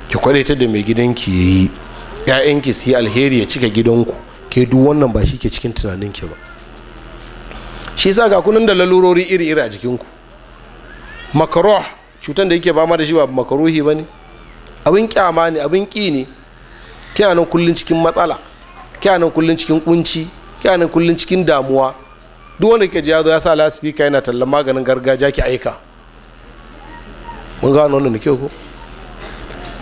ki kwadaita da mai gidanki ya yi 'ya'yanki su yi alheri ya cika gidanku ke duk wannan ba shi ke cikin tunaninki ba shi sa ga kunan da lalurori iri-iri a jikinku makaroh cutan da yake ma da shi ba makaruhi ba ne abin kyama ne abin ki ne kyanan kullum cikin matsala kyanan kullum cikin kunci kyanan kullum cikin damuwa duk wanda kika ji ya zo ya sa lasifika yana tallan maganin gargajiya ki aika mun gano wannan da kyau ko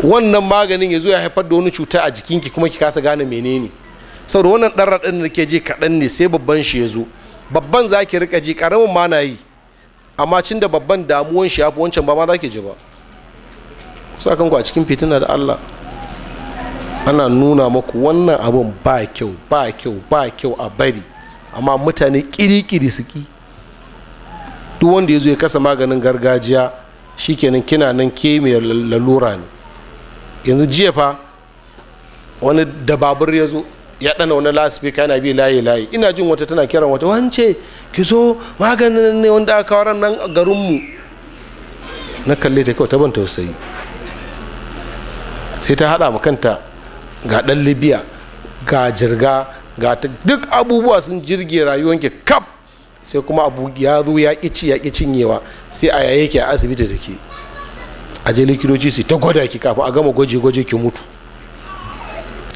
wannan maganin ya zo ya haifar da wani cuta a jikinki kuma ki kasa gane menene saboda wannan ɗan raɗin da ke je kaɗan ne sai babban shi ya zo babban za ki rika ji karamin ma na yi amma cin da babban damuwan shi ya wancan ba ma za ki ji ba kusa ku a cikin fitina da allah ana nuna maku wannan abin ba kyau ba kyau ba kyau a bari amma mutane su ki duk wanda ya zo ya kasa maganin gargajiya shikenan kina nan ke mai lalura ne yanzu jiya fa wani dababur ya zo ya ɗana wani lasifika yana bi layi layi ina jin wata tana kiran wata wance ki zo maganin ne wanda aka kawo nan garinmu na kalle ta kyau ta ban tausayi sai ta haɗa ma kanta ga ɗan libya ga jirga ga duk abubuwa sun jirge rayuwanki kaf sai kuma abu ya zo ya ƙici ya ƙi cinyewa sai a yaye ki a asibiti da ke a je likitoci su ta gwada ki kafin a gama gwaje-gwaje ki mutu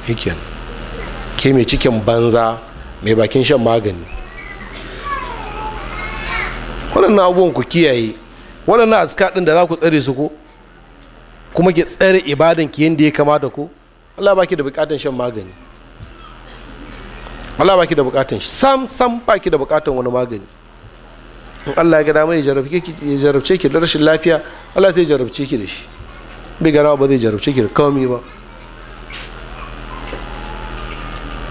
yake ke mai cikin banza mai bakin shan magani waɗannan abubuwan ku kiyaye waɗannan aska ɗin da za ku tsare su ko kuma ke tsare ibadan ki yadda ya kamata ko Allah baki da bukatan shan magani Allah baki da bukatan shi sam sam baki da bukatan wani magani in Allah ya gada mai ya jarabce ki ya jarabce ki da rashin lafiya Allah sai jarabce ki da shi bai ga ba zai jarabce ki da komai ba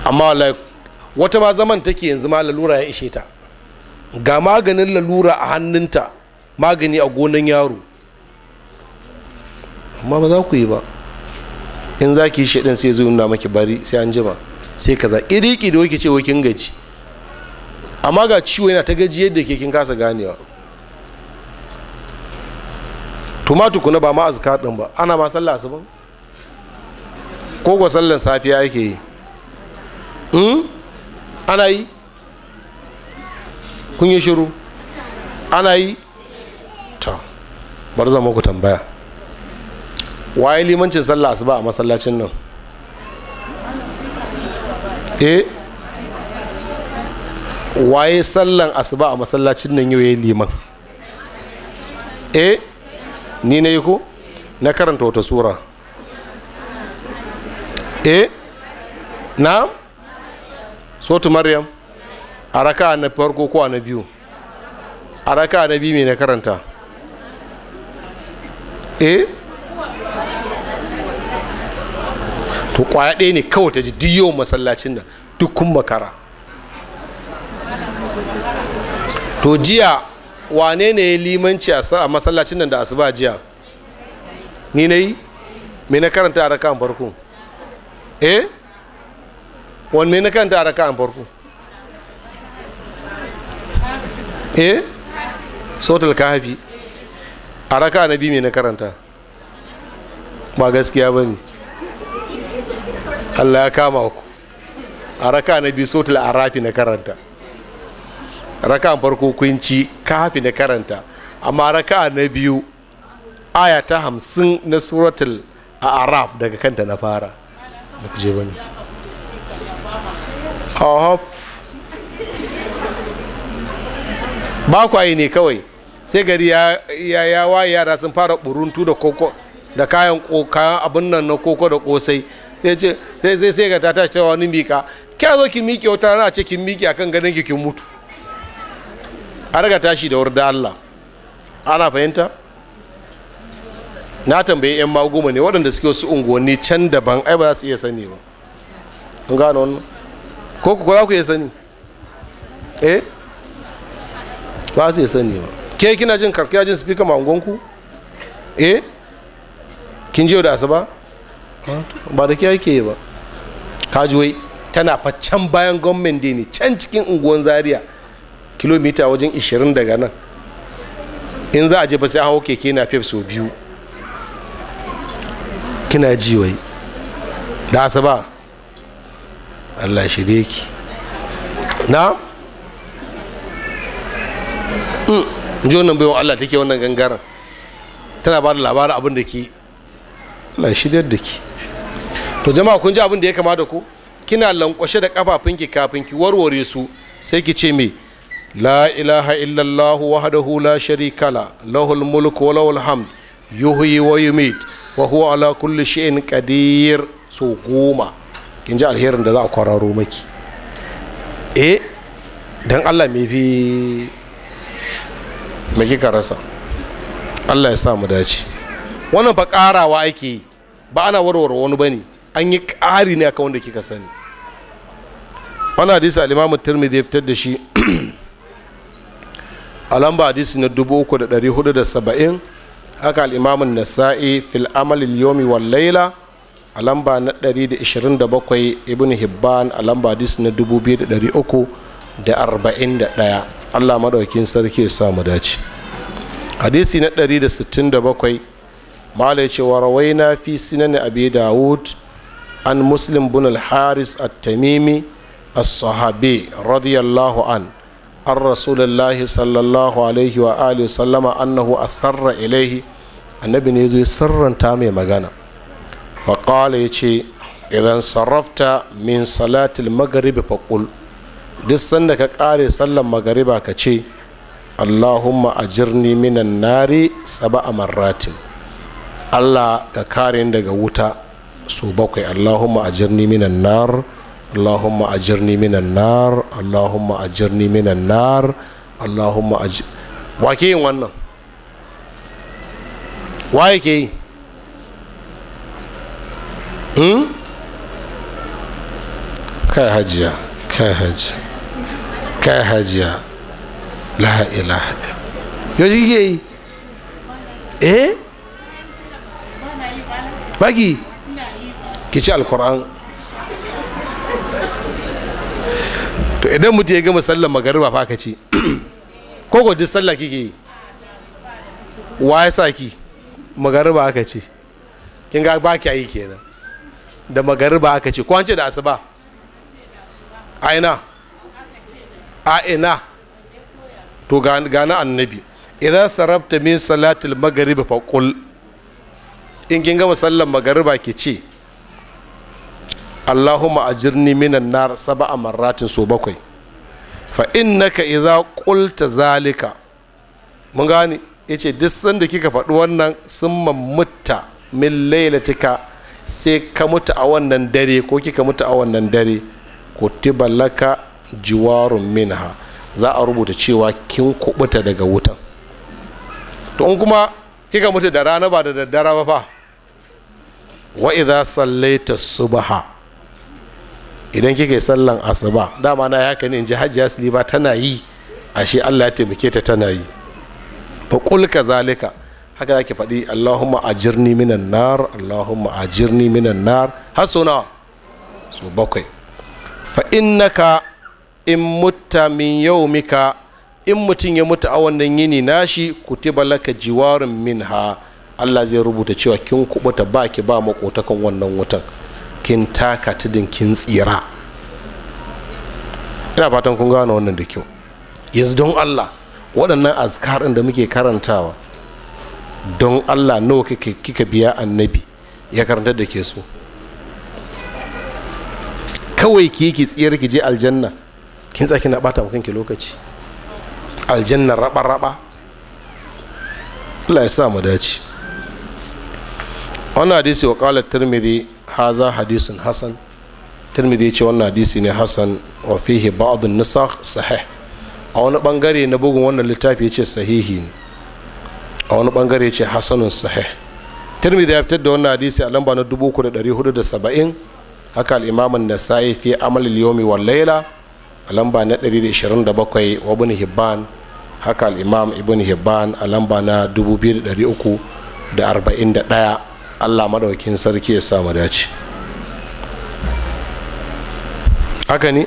amma wata ma zaman take yanzu ma lalura ya ishe ta ga maganin lalura a hannunta magani a gonan yaro amma ba za ku yi ba in za ki yi shaɗin sai zo nuna maki bari sai an jima sai za iriki da wake ce kin gaji amma ga ciwo yana ta gaji yadda ke kin kasa ganewa tumatu kuna ba ma azka ba ana ma sallah ba ko ko sallan safiya yake yi Hmm? ana yi kun yi shiru ana yi ta bar zama ku tambaya waye limancin sallah asuba a masallacin nan eh waye sallan asuba a masallacin nan yau ya yi liman eh ni na yi ko na karanta wata sura eh na sotu maryam a raka na farko ko na biyu a raka na biyu mai na karanta eh to kwaya ɗaya ne kawai ta ji diyo masallacin nan duk kun makara to jiya wane ne ya limanci a masallacin nan da asuba jiya ni na yi me na karanta a na farko eh wanne na kanta a raka'an farko eh sautul kahafi a raka na biyu mai na karanta ba gaskiya ba ne allah ya kama ku a raka na biyu sautul arafi na karanta raka farko kunci kahafi na karanta amma raka na biyu aya ta hamsin na suratul a arab daga kanta na fara da je ba ne hop ba yi ne kawai sai gari ya ya waye yara sun fara buruntu da koko da kayan kayan abin nan na koko da kosai sai sai sai ga ta tashi ta wani mika kya zo ki miƙe wata rana ce kin miƙe akan ganin ki kin mutu a ga tashi da wurin da Allah ana fahimta na tambayi 'yan magoma ne waɗanda suke su unguwanni can daban ai ba za su iya sani ba gano wannan ko ku za ku iya sani eh ba su iya sani ba ke kina jin karkiya jin speaker mangonku eh kin ji da asuba ah, ba da kiyaye ke yi ba kajuwai tana fa can bayan gwamnan ne can cikin unguwan zaria kilomita wajen 20 daga nan in za a je ba sai hau keke na fef so biyu kina ji wai da asuba allah shi da ki na hmm, ji wannan baiwan allah take wannan gangaren tana ba da labarin abin da ke allah shi da ki to jama'a kun ji abin da ya kama da ku kina lankwashe da kafafunki kafin ki warware su sai ki ce me la ilaha illallah wahdahu la sharika la lahul mulku wa lahul hamd yuhyi wa yumit wa huwa ala kulli shay'in qadir so goma In ji alherin da za a kwararo maki eh don allah mai fi kika rasa allah ya sa mu dace wannan ba karawa ake yi ba ana warware wani bane an yi ƙari ne akan wanda kika sani wani hadisi al'imamu turmi da ya fitar da shi a lamba hadisi na 3470 haka al nasa'i fil amal al wal Laila. a lamba na 127 ibn hibban a lamba dis na 2341 allah madaukin sarki ya samu dace hadisi na 167 mala ya ce wa na fi sinan abi dawud an muslim bin al-haris at-tamimi as-sahabi radiyallahu an an rasulullahi sallallahu alaihi wa alihi sallama annahu asarra ilaihi annabi ne zai sarranta mai magana faƙala ya ce idan sarrafta min salatil magariba faƙul duk sanda ka ƙare sallan magariba ka ce allahumma a jirni minan nari a marratin allah ka kare daga wuta su bakwai allahumma a jirni minan nar allahumma a jirni minan nar allahumma a jirni minan nar allahumma ajir wa ke yin wannan wa ke yi hmm? kai hajiya kai hajiya kai hajiya la ilaha yau ji yi eh baki ki ci alkur'an to idan mutu ya gama sallar magariba fa ka ci ko ko duk sallah kike yi wa ya sa ki magariba aka ce kin ga ba ki ayi kenan da magariba aka ce kwance da asuba aina aina to gani annabi idan sarabta min salatul magariba faƙul in kin gama sallar magariba ke ce allahumma ajirni minan nar sab'a marratin so bakwai fa innaka idza qulta zalika mun gane yace duk sanda kika faɗi wannan sun mamutta min lailatika sai ka mutu a wannan dare ko kika mutu a wannan dare kutiba laka jiwarun minha za a rubuta cewa kin kubuta daga wutan to in kuma kika mutu da rana ba da daddara ba fa wa idza sallaita subha idan kika yi sallan asuba dama na haka ne in ji asli ba tana yi ashe Allah ya taimake ta tana yi fa qul kazalika haka zaki faɗi Allahumma ajirni minan nar Allahumma ajirni minan nar har so nawa so bakwai fa innaka in mutta min yaumika in mutum ya mutu a wannan yini nashi kutiba laka jiwarin minha Allah zai rubuta cewa kin kubuta baki ba makotakan wannan wutan kin taka tudin kin tsira ina fatan kun gane wannan da kyau yanzu don Allah waɗannan azkarin da muke karantawa don allah nawa kika biya annabi ya karanta da ke so kawai ki ki tsiyar ki je aljanna kin tsaki na bata mu kanki lokaci aljanna raba raba Allah ya sa mu dace wannan hadisi wa qala tirmidhi haza hadisun hasan tirmidhi ya ce wannan hadisi ne hasan wa fihi ba'd an-nusakh sahih a wani bangare na bugun wannan littafi ya ce sahihi ne a wani bangare ce hasanun sahih tirmidhi ya fitar da wannan hadisi a lamba na 3470 haka al-imam an-nasa'i fi amal al-yawmi wal layla a lamba na 127 wa ibn hibban haka al-imam ibn hibban a lamba na 2341 Allah madaukin sarki ya sa dace haka ne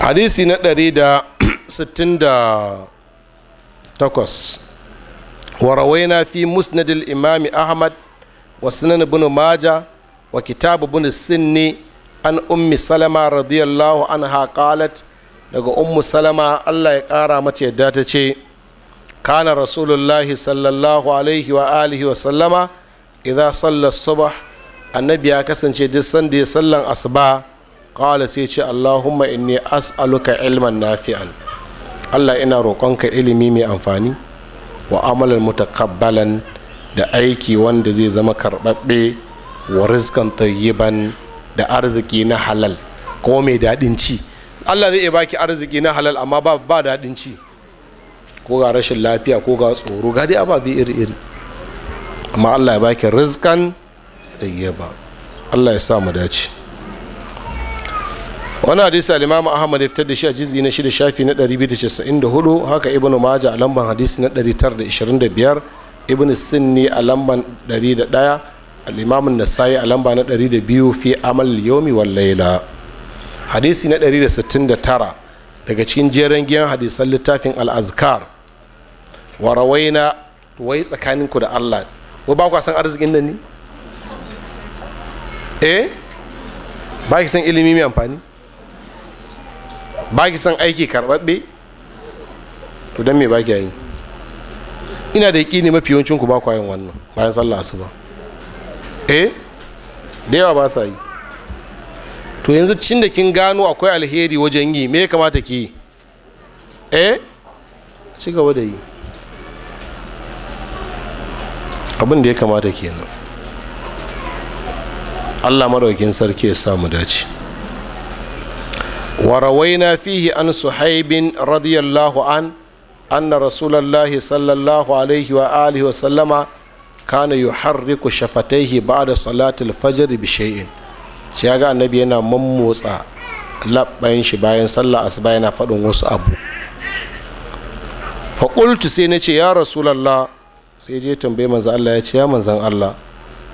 hadisi na 160 takwas wa warawaina fi musnadil imami ahmad wa sunan bin maja wa kitabu bin sinni an ummi salama radiyallahu an haƙalat daga ummu salama Allah ya ƙara mace yadda ta ce kana rasulullahi sallallahu alaihi wa alihi wa sallama idan sallar subh annabi ya kasance duk sanda ya sallan asuba qala sai ce allahumma inni as'aluka ilman nafi'an allah ina roƙonka ilimi mai amfani wa amalan mutakabbalan da aiki wanda zai zama karɓaɓɓe wa rizkan tayyiban da arziki na halal ko mai daɗin ci allah zai iya baki arziki na halal amma ba ba daɗin ci ko ga rashin lafiya ko ga tsoro ga dai ababe iri-iri amma allah ya baki rizkan tayyiba allah ya sa mu dace wani hadisi alimamu ahmad ya fitar da shi a jizi na shida shafi na 294 haka ibnu maja a lamban hadisi na 925 ibnu sinni a lamban 101 alimamun nasayi a lamba na 200 fi amal yomi wal laila hadisi na 169 daga cikin jeren giyan hadisan littafin al-azkar wa rawaina wai tsakaninku da allah wai ba ku san arzikin da ni eh ba ki san ilimi mai amfani ba ki son aiki karbabbe to don me baki yayi ina da yaƙini mafi yawancin ku ba ku yin wannan bayan sallah asuba eh da yawa ba sa yi to yanzu cin da kin gano akwai alheri wajen yi me ya kamata ki eh ci gaba da yi abin da ya kamata kenan allah maraukin sarki ya samu dace وروينا فيه عن صحيب رضي الله عنه أن رسول الله صلى الله عليه وآله وسلم كان يحرك شفتيه بعد صلاة الفجر بشيء شيئا النبي أنا مموسا labbayin shi bayan sallah asuba yana faɗin wasu abu faƙultu sai na ce ya rasulallah sai je tambayi manzan Allah ya ce ya manzan Allah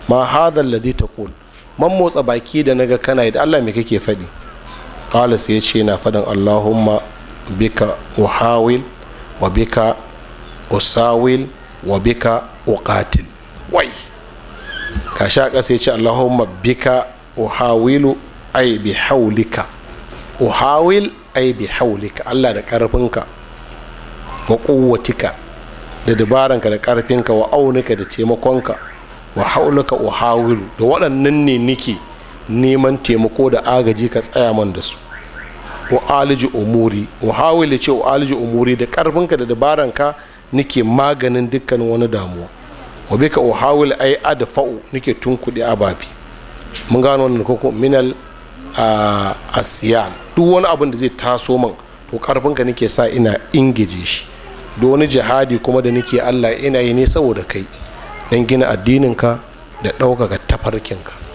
ma hadha alladhi taqul man motsa baki da naga kana da Allah me kake faɗi ƙala sai ce na faɗin allahumma bika uhawil wa bika usawil wa bika uqatil wai ka sha ƙasa ya ce allahumma bika uhawilu ai bi haulika uhawil ai bi haulika allah da ƙarfinka wa ƙuwatika da dabaranka da ƙarfinka wa aunika da taimakonka wa hauluka uhawilu da waɗannan ne nike neman taimako da agaji ka tsaya man da su wa aliji umuri wa hawili ce wa aliji umuri da karfinka da dabaranka nake maganin dukkan wani damuwa wa bika wa hawili ai adfa'u nike tunkuɗe ababi mun gano wannan koko minal asiyan duk wani abin da zai taso man to karfinka nake sa ina ingije shi da wani jihadi kuma da nake Allah ina yi ne saboda kai don gina addininka da ɗaukaka tafarkinka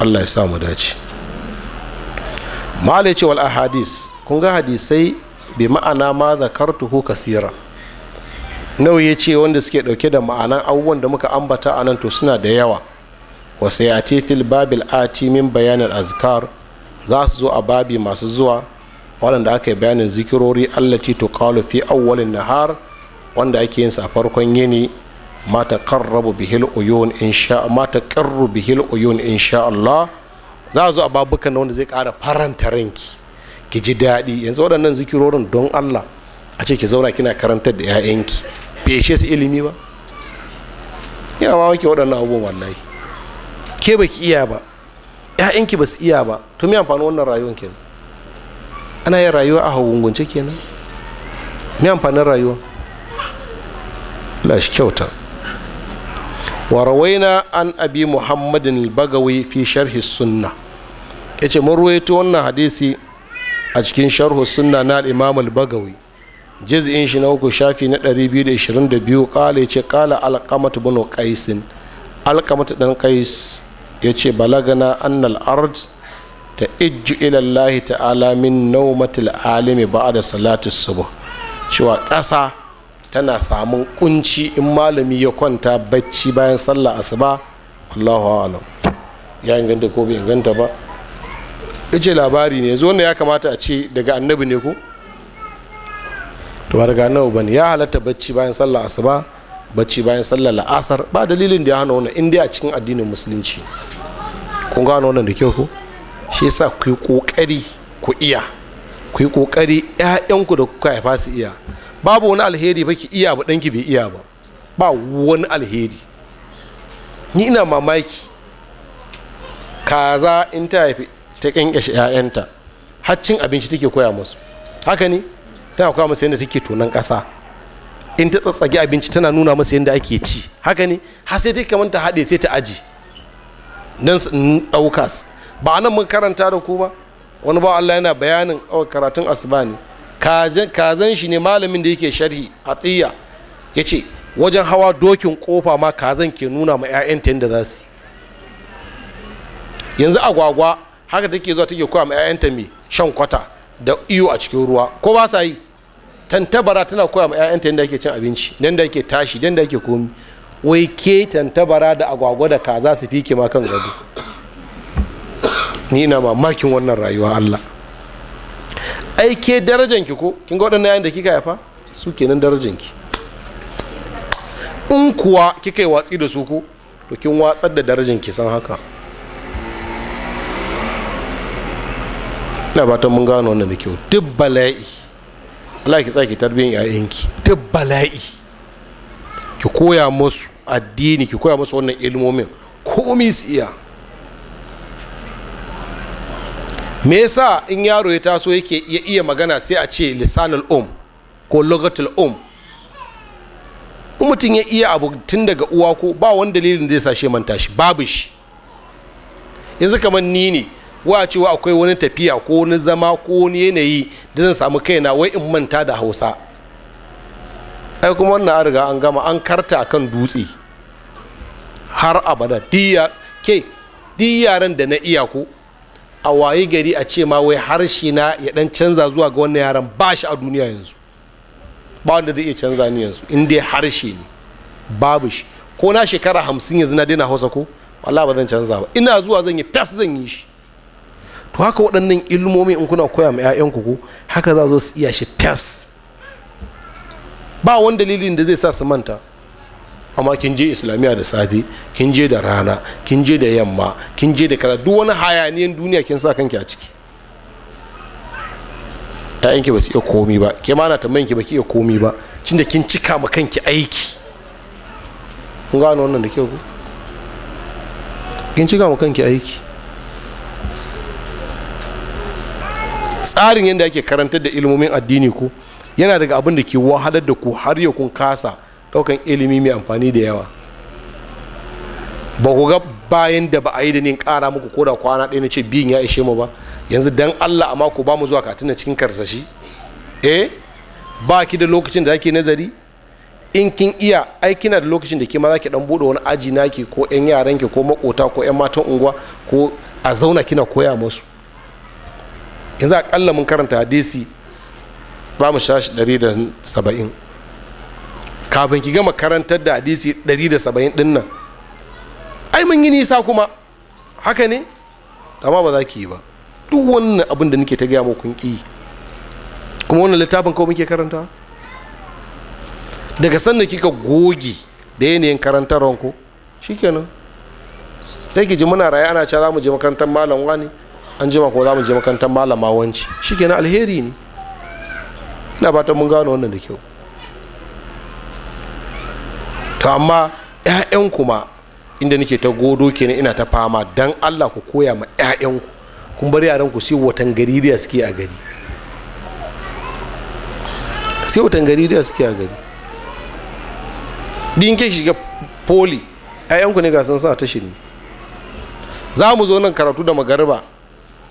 allah ya sa mu dace mala ce wal ahadis kun ga hadisai bi ma'ana ma zakartuhu kasira nawa ya ce wanda suke dauke da ma'anan abubuwan da muka ambata a nan to suna da yawa wasu ya fil babil ati min bayanin azkar za su zo a babi masu zuwa waɗanda aka yi bayanin zikirori allati to fi awwalin nahar wanda ake yin sa a farkon yini Mata taqarrabu bihil uyun insha ma taqarru bihil uyun insha Allah za a zo a babukan wanda zai ƙara faranta ranki ki ji daɗi yanzu waɗannan zikirorin don Allah a ce ki zauna kina karantar da 'ya'yanki beshe su ilimi ba ba mamaki waɗannan abubuwan wallahi ke ba ki iya ba 'ya'yanki ba su iya ba to me amfanin wannan rayuwar kenan ana yin rayuwa a hawungunce kenan me amfanin rayuwa Allah shi kyauta rawaina an abi muhammadin bagawi fi sharhi sunna ya ce wannan hadisi a cikin sharhu sunna na al'imam Bagawi bagawi jiz'in shi na uku shafi na 222 kala ya ce kala alkamatu bin kaisin alkamatu dan qais ya ce balagana annal ard ta ijju ilallahi ta'ala min naumatil alimi ba'a da salatu subuh cewa ƙasa tana samun kunci in malami ya kwanta bacci bayan sallah asuba Allahu alam ya inganta ko bai inganta ba ice labari ne zuwa ya kamata a ce daga annabi ne ko to daga annabi ya halatta bacci bayan sallah asuba bacci bayan sallah la'asar ba dalilin da ya hana wannan in a cikin addinin musulunci kun gano wannan da kyau ko shi yasa ku yi kokari ku iya ku yi kokari ƴaƴanku da kuka haifa su iya babu wani alheri ba ki iya ba ɗanki bai iya ba ba wani alheri ni ina mamaki kaza in ta haifi ta kyankyashe 'ya'yanta haccin abinci take koya musu haka ne tana koya musu yadda take tonon ƙasa in ta tsatsage abinci tana nuna musu yadda ake ci haka ne har sai ta kamar ta haɗe sai ta aji don su ba nan mun karanta da ku ba wani ba Allah yana bayanin oh, karatun asuba ne kazan shi ne malamin da yake sharhi a tsiya ya ce wajen hawa dokin kofa ma kazan ke nuna ma 'ya'yanta yadda za su yanzu agwagwa haka take zuwa take koya ma 'ya'yanta mai shan kwata da iyo a cikin ruwa ko ba sa yi tantabara tana koya ma ta yadda ake cin abinci dan da ake tashi dan da ake komi wai ke tantabara da agwagwa da kaza su fike ma kan gado ni ina mamakin wannan rayuwa allah aike darajanki ko kin ga waɗannan yayin da kika yafa su kenan darajanki in kuwa kika yi watsi da su ko to kin watsar da darajanki san haka ina fatan mun gano wannan da kyau duk bala'i Allah ki tsaki tarbiyyar yayanki duk bala'i ki koya musu addini ki koya musu wannan ilmomin komi su iya me yasa in yaro ya taso yake ya iya magana sai a ce lisanul um ko logatul um mutum ya iya abu tun daga uwa ko ba wani dalilin da ya zai sashe manta shi babu shi yanzu kamar ni ne wa cewa akwai wani tafiya ko wani zama ko wani yanayi da zan samu kaina wai in manta da hausa ai kuma wannan an riga an gama an karta akan dutse har abada diya ke yaran da na iya ko a waye gari a ce ma wai harshe na ya dan canza zuwa ga wannan yaran ba shi a duniya yanzu ba wanda zai iya canza ni yanzu in dai harshe ne babu shi ko na shekara hamsin yanzu na daina hausa ko wallahi ba zan canza ba ina zuwa zan yi fes zan yi shi to haka waɗannan ilmomi in kuna koya ma 'ya'yanku ko haka za su iya shi fes ba wani dalilin da zai sa su manta amma kin je islamiyya da safe kin je da rana kin je da yamma kin je da kaza duk wani hayaniyan duniya kin sa kanki a ciki ƴaƴanki ba su iya komi ba ke mana na manki ba ki iya komi ba cinda kin cika ma kanki aiki kun gano wannan da kyau ku kin cika ma kanki aiki tsarin yadda ake karantar da ilmomin addini ku yana daga abin da ke wahalar da ku har yau kun kasa Daukan ilimi mai amfani da yawa ba ku ga bayan da ba a yi da ni kara muku ko da kwana ɗaya na ce biyun ya ishe mu ba yanzu dan allah a mako ba mu zuwa katina cikin karsashi eh ba ki da lokacin da ake nazari in kin iya ai kina da lokacin da ke ma zaki dan bude wani aji na naki ko yan yaran ki ko makota ko yan matan unguwa ko a zauna kina koya musu yanzu kalla mun karanta hadisi ba mu shashi 170 kafin ki gama karantar da hadisi 170 din nan ai mun yi nisa kuma haka ne amma ba za ki yi ba duk wannan abin da nake ta gaya kun ki kuma wannan littafin kawai muke karanta daga sanda kika goge da yanayin karantarwar ku shikenan sai ki ji muna raye ana cewa za mu je makarantar malam wani an jima ko za mu je makarantar malama wanci shikenan alheri ne ina fatan mun gano wannan da kyau to amma 'ya'yan kuma inda nake ta godo kenan ina ta fama dan allah ku koya ma 'ya'yan ku kun bar yaran ku sai watan gari da suke a gari sai watan gari da suke a gari din ke shiga poli 'ya'yan ku ne ga san sa ta shirme za mu zo nan karatu da magariba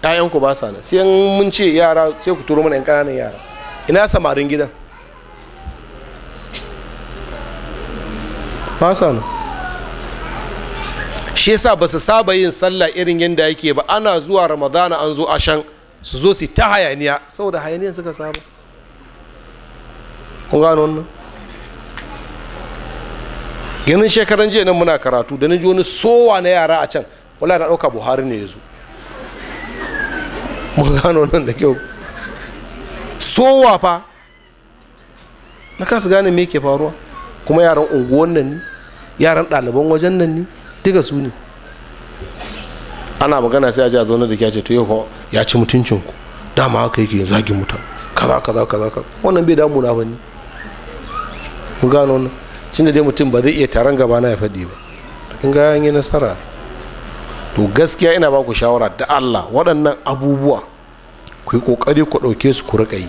'ya'yan ku ba sa nan sai mun ce yara sai ku turo mana 'yan ƙananan yara ina samarin gidan ba sa nan shi yasa ba su saba yin sallah irin yadda yake ba ana zuwa ramadana an zo ashan su zo su ta hayaniya saboda hayaniya suka saba kun gano wannan ganin shekaran jiya nan muna karatu da ji wani sowa na yara a can wala na ɗauka buhari ne ya zo mun gano nan da kyau sowa fa na kasu gane me ke faruwa kuma yaran unguwan nan ne yaran ɗaliban wajen nan ne duka su ne ana magana sai a ji a zaune da ke ce to yau ya ci mutuncin ku dama haka yake zagin mutan kaza kaza kaza kaza wannan bai damu na bane mun gano wannan da dai mutum ba zai iya taron gaba na ya faɗi ba in ga yi nasara to gaskiya ina ba ku shawara da Allah waɗannan abubuwa ku yi kokari ku ɗauke su ku riƙa yi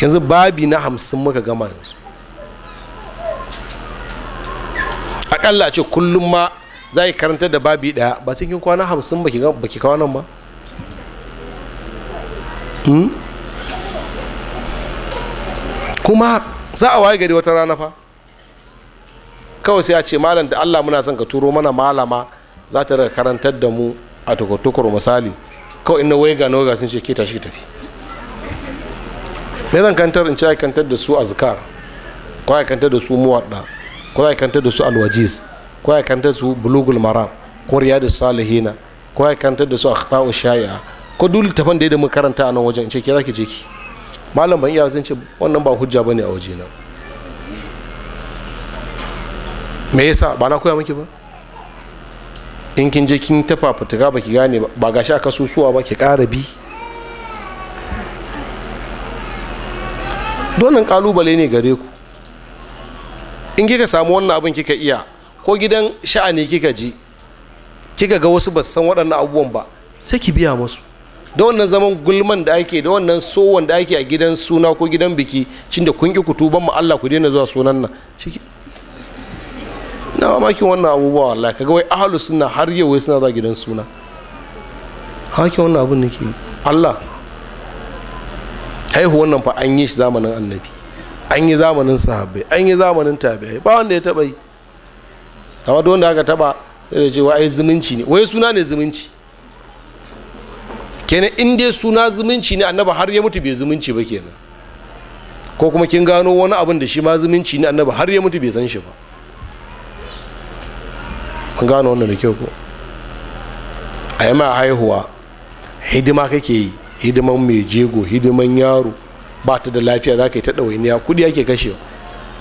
yanzu babi na hamsin muka gama yanzu akalla ce kullum ma za yi karanta da babi daya ba sai kin kwana hamsin ba ki kawo nan ba hmm? kuma za a waye gari wata rana fa kawai sai a ce malam da allah muna son ka turo mana malama za ta daga karantar da mu a tukur misali kawai ina wai ga sun ce ke tashi tafi me zan kantar in ci kantar da su azkar ko kantar da su muwadda ko ya kanta da su alwajiz ko ya kanta da su bulugul maram ko riyadu salihina ko ya kanta da su akhtau shay'a ko duk tafan da ya mu karanta a nan wajen ce ke zaki je ki malam ban iya zan ce wannan ba hujja bane a waje na me yasa ba na koya miki ba in kin je kin tafa fituka baki gane ba gashi aka susuwa ba ki ƙara bi donin kalubale ne gare ku in kika samu wannan abin kika iya ko gidan sha'ani kika ji kika ga wasu ba su san waɗannan abubuwan ba sai ki biya musu da wannan zaman gulman da ake da wannan sowan da ake a gidan suna ko gidan biki cinda kun ki kutu ban mu Allah ku daina zuwa sunan nan shike na mamakin wannan abubuwa wallahi kaga wai ahlus sunna har yau wai suna zuwa gidan suna haka wannan abun nake Allah haihu wannan fa an yi shi zamanin annabi an yi zamanin sahabbai an yi zamanin tabi'ai ba wanda ya taba yi amma duk wanda aka taba sai cewa ai zumunci ne wai suna ne zumunci kenan in dai suna zumunci ne annaba har ya mutu bai zumunci ba kenan ko kuma kin gano wani abin da shi ma zumunci ne annaba har ya mutu bai san shi ba an gano wannan da kyau ko a yi ma haihuwa hidima kake yi hidiman mai jego hidiman yaro ba ta da lafiya za ka yi ta ɗawainiya kuɗi ake kashewa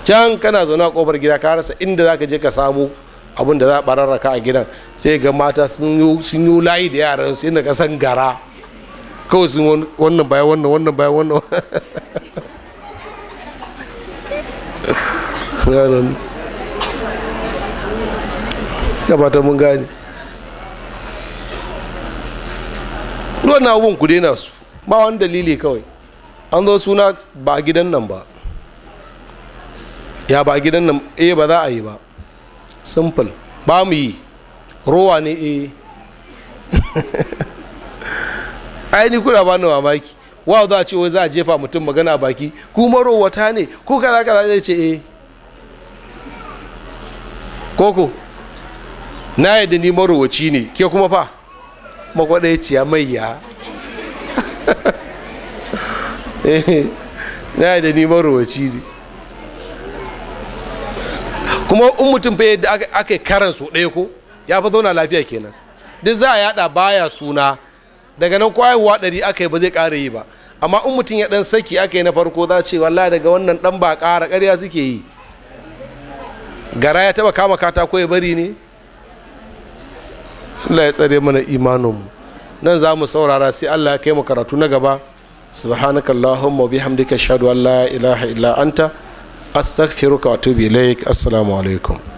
can kana zaune a ƙofar gida ka rasa inda za ka je ka samu abin da za a bararraka a gidan sai ga mata sun yi layi da yaran su inda ka san gara kawai sun wannan bayan wannan wannan bayan wannan ya fata mun gane wannan abubuwan ku su ba wani dalili kawai an zo suna ba gidan nan ba ya ba gidan nan eh ba za a yi ba simple ba mu yi rowa ne eh ai ni kuna ba ni mamaki wa za a ce wai za a jefa mutum magana baki kuma ta ne ko kaza kaza zai ce eh koko na yadda ni marowaci ne ke kuma fa ciya mai ya Eh, na da ni marowaci ne kuma in mutum fa yadda aka karan su ɗaya ko ya fi zauna lafiya kenan duk za a yada baya suna daga nan kwayowa ɗari aka yi ba zai ƙara yi ba amma in mutum ya ɗan saki aka yi na farko za ce wallahi daga wannan ɗan ba ƙara ƙarya suke yi gara ya taɓa kama katako ya bari ne Allah ya tsare mana imaninmu nan za mu saurara sai Allah ya kai mu karatu na gaba subhanaka allahumma bihamdika ashhadu an la ilaha illa anta astaghfiruka wa atubu ilaik assalamu alaikum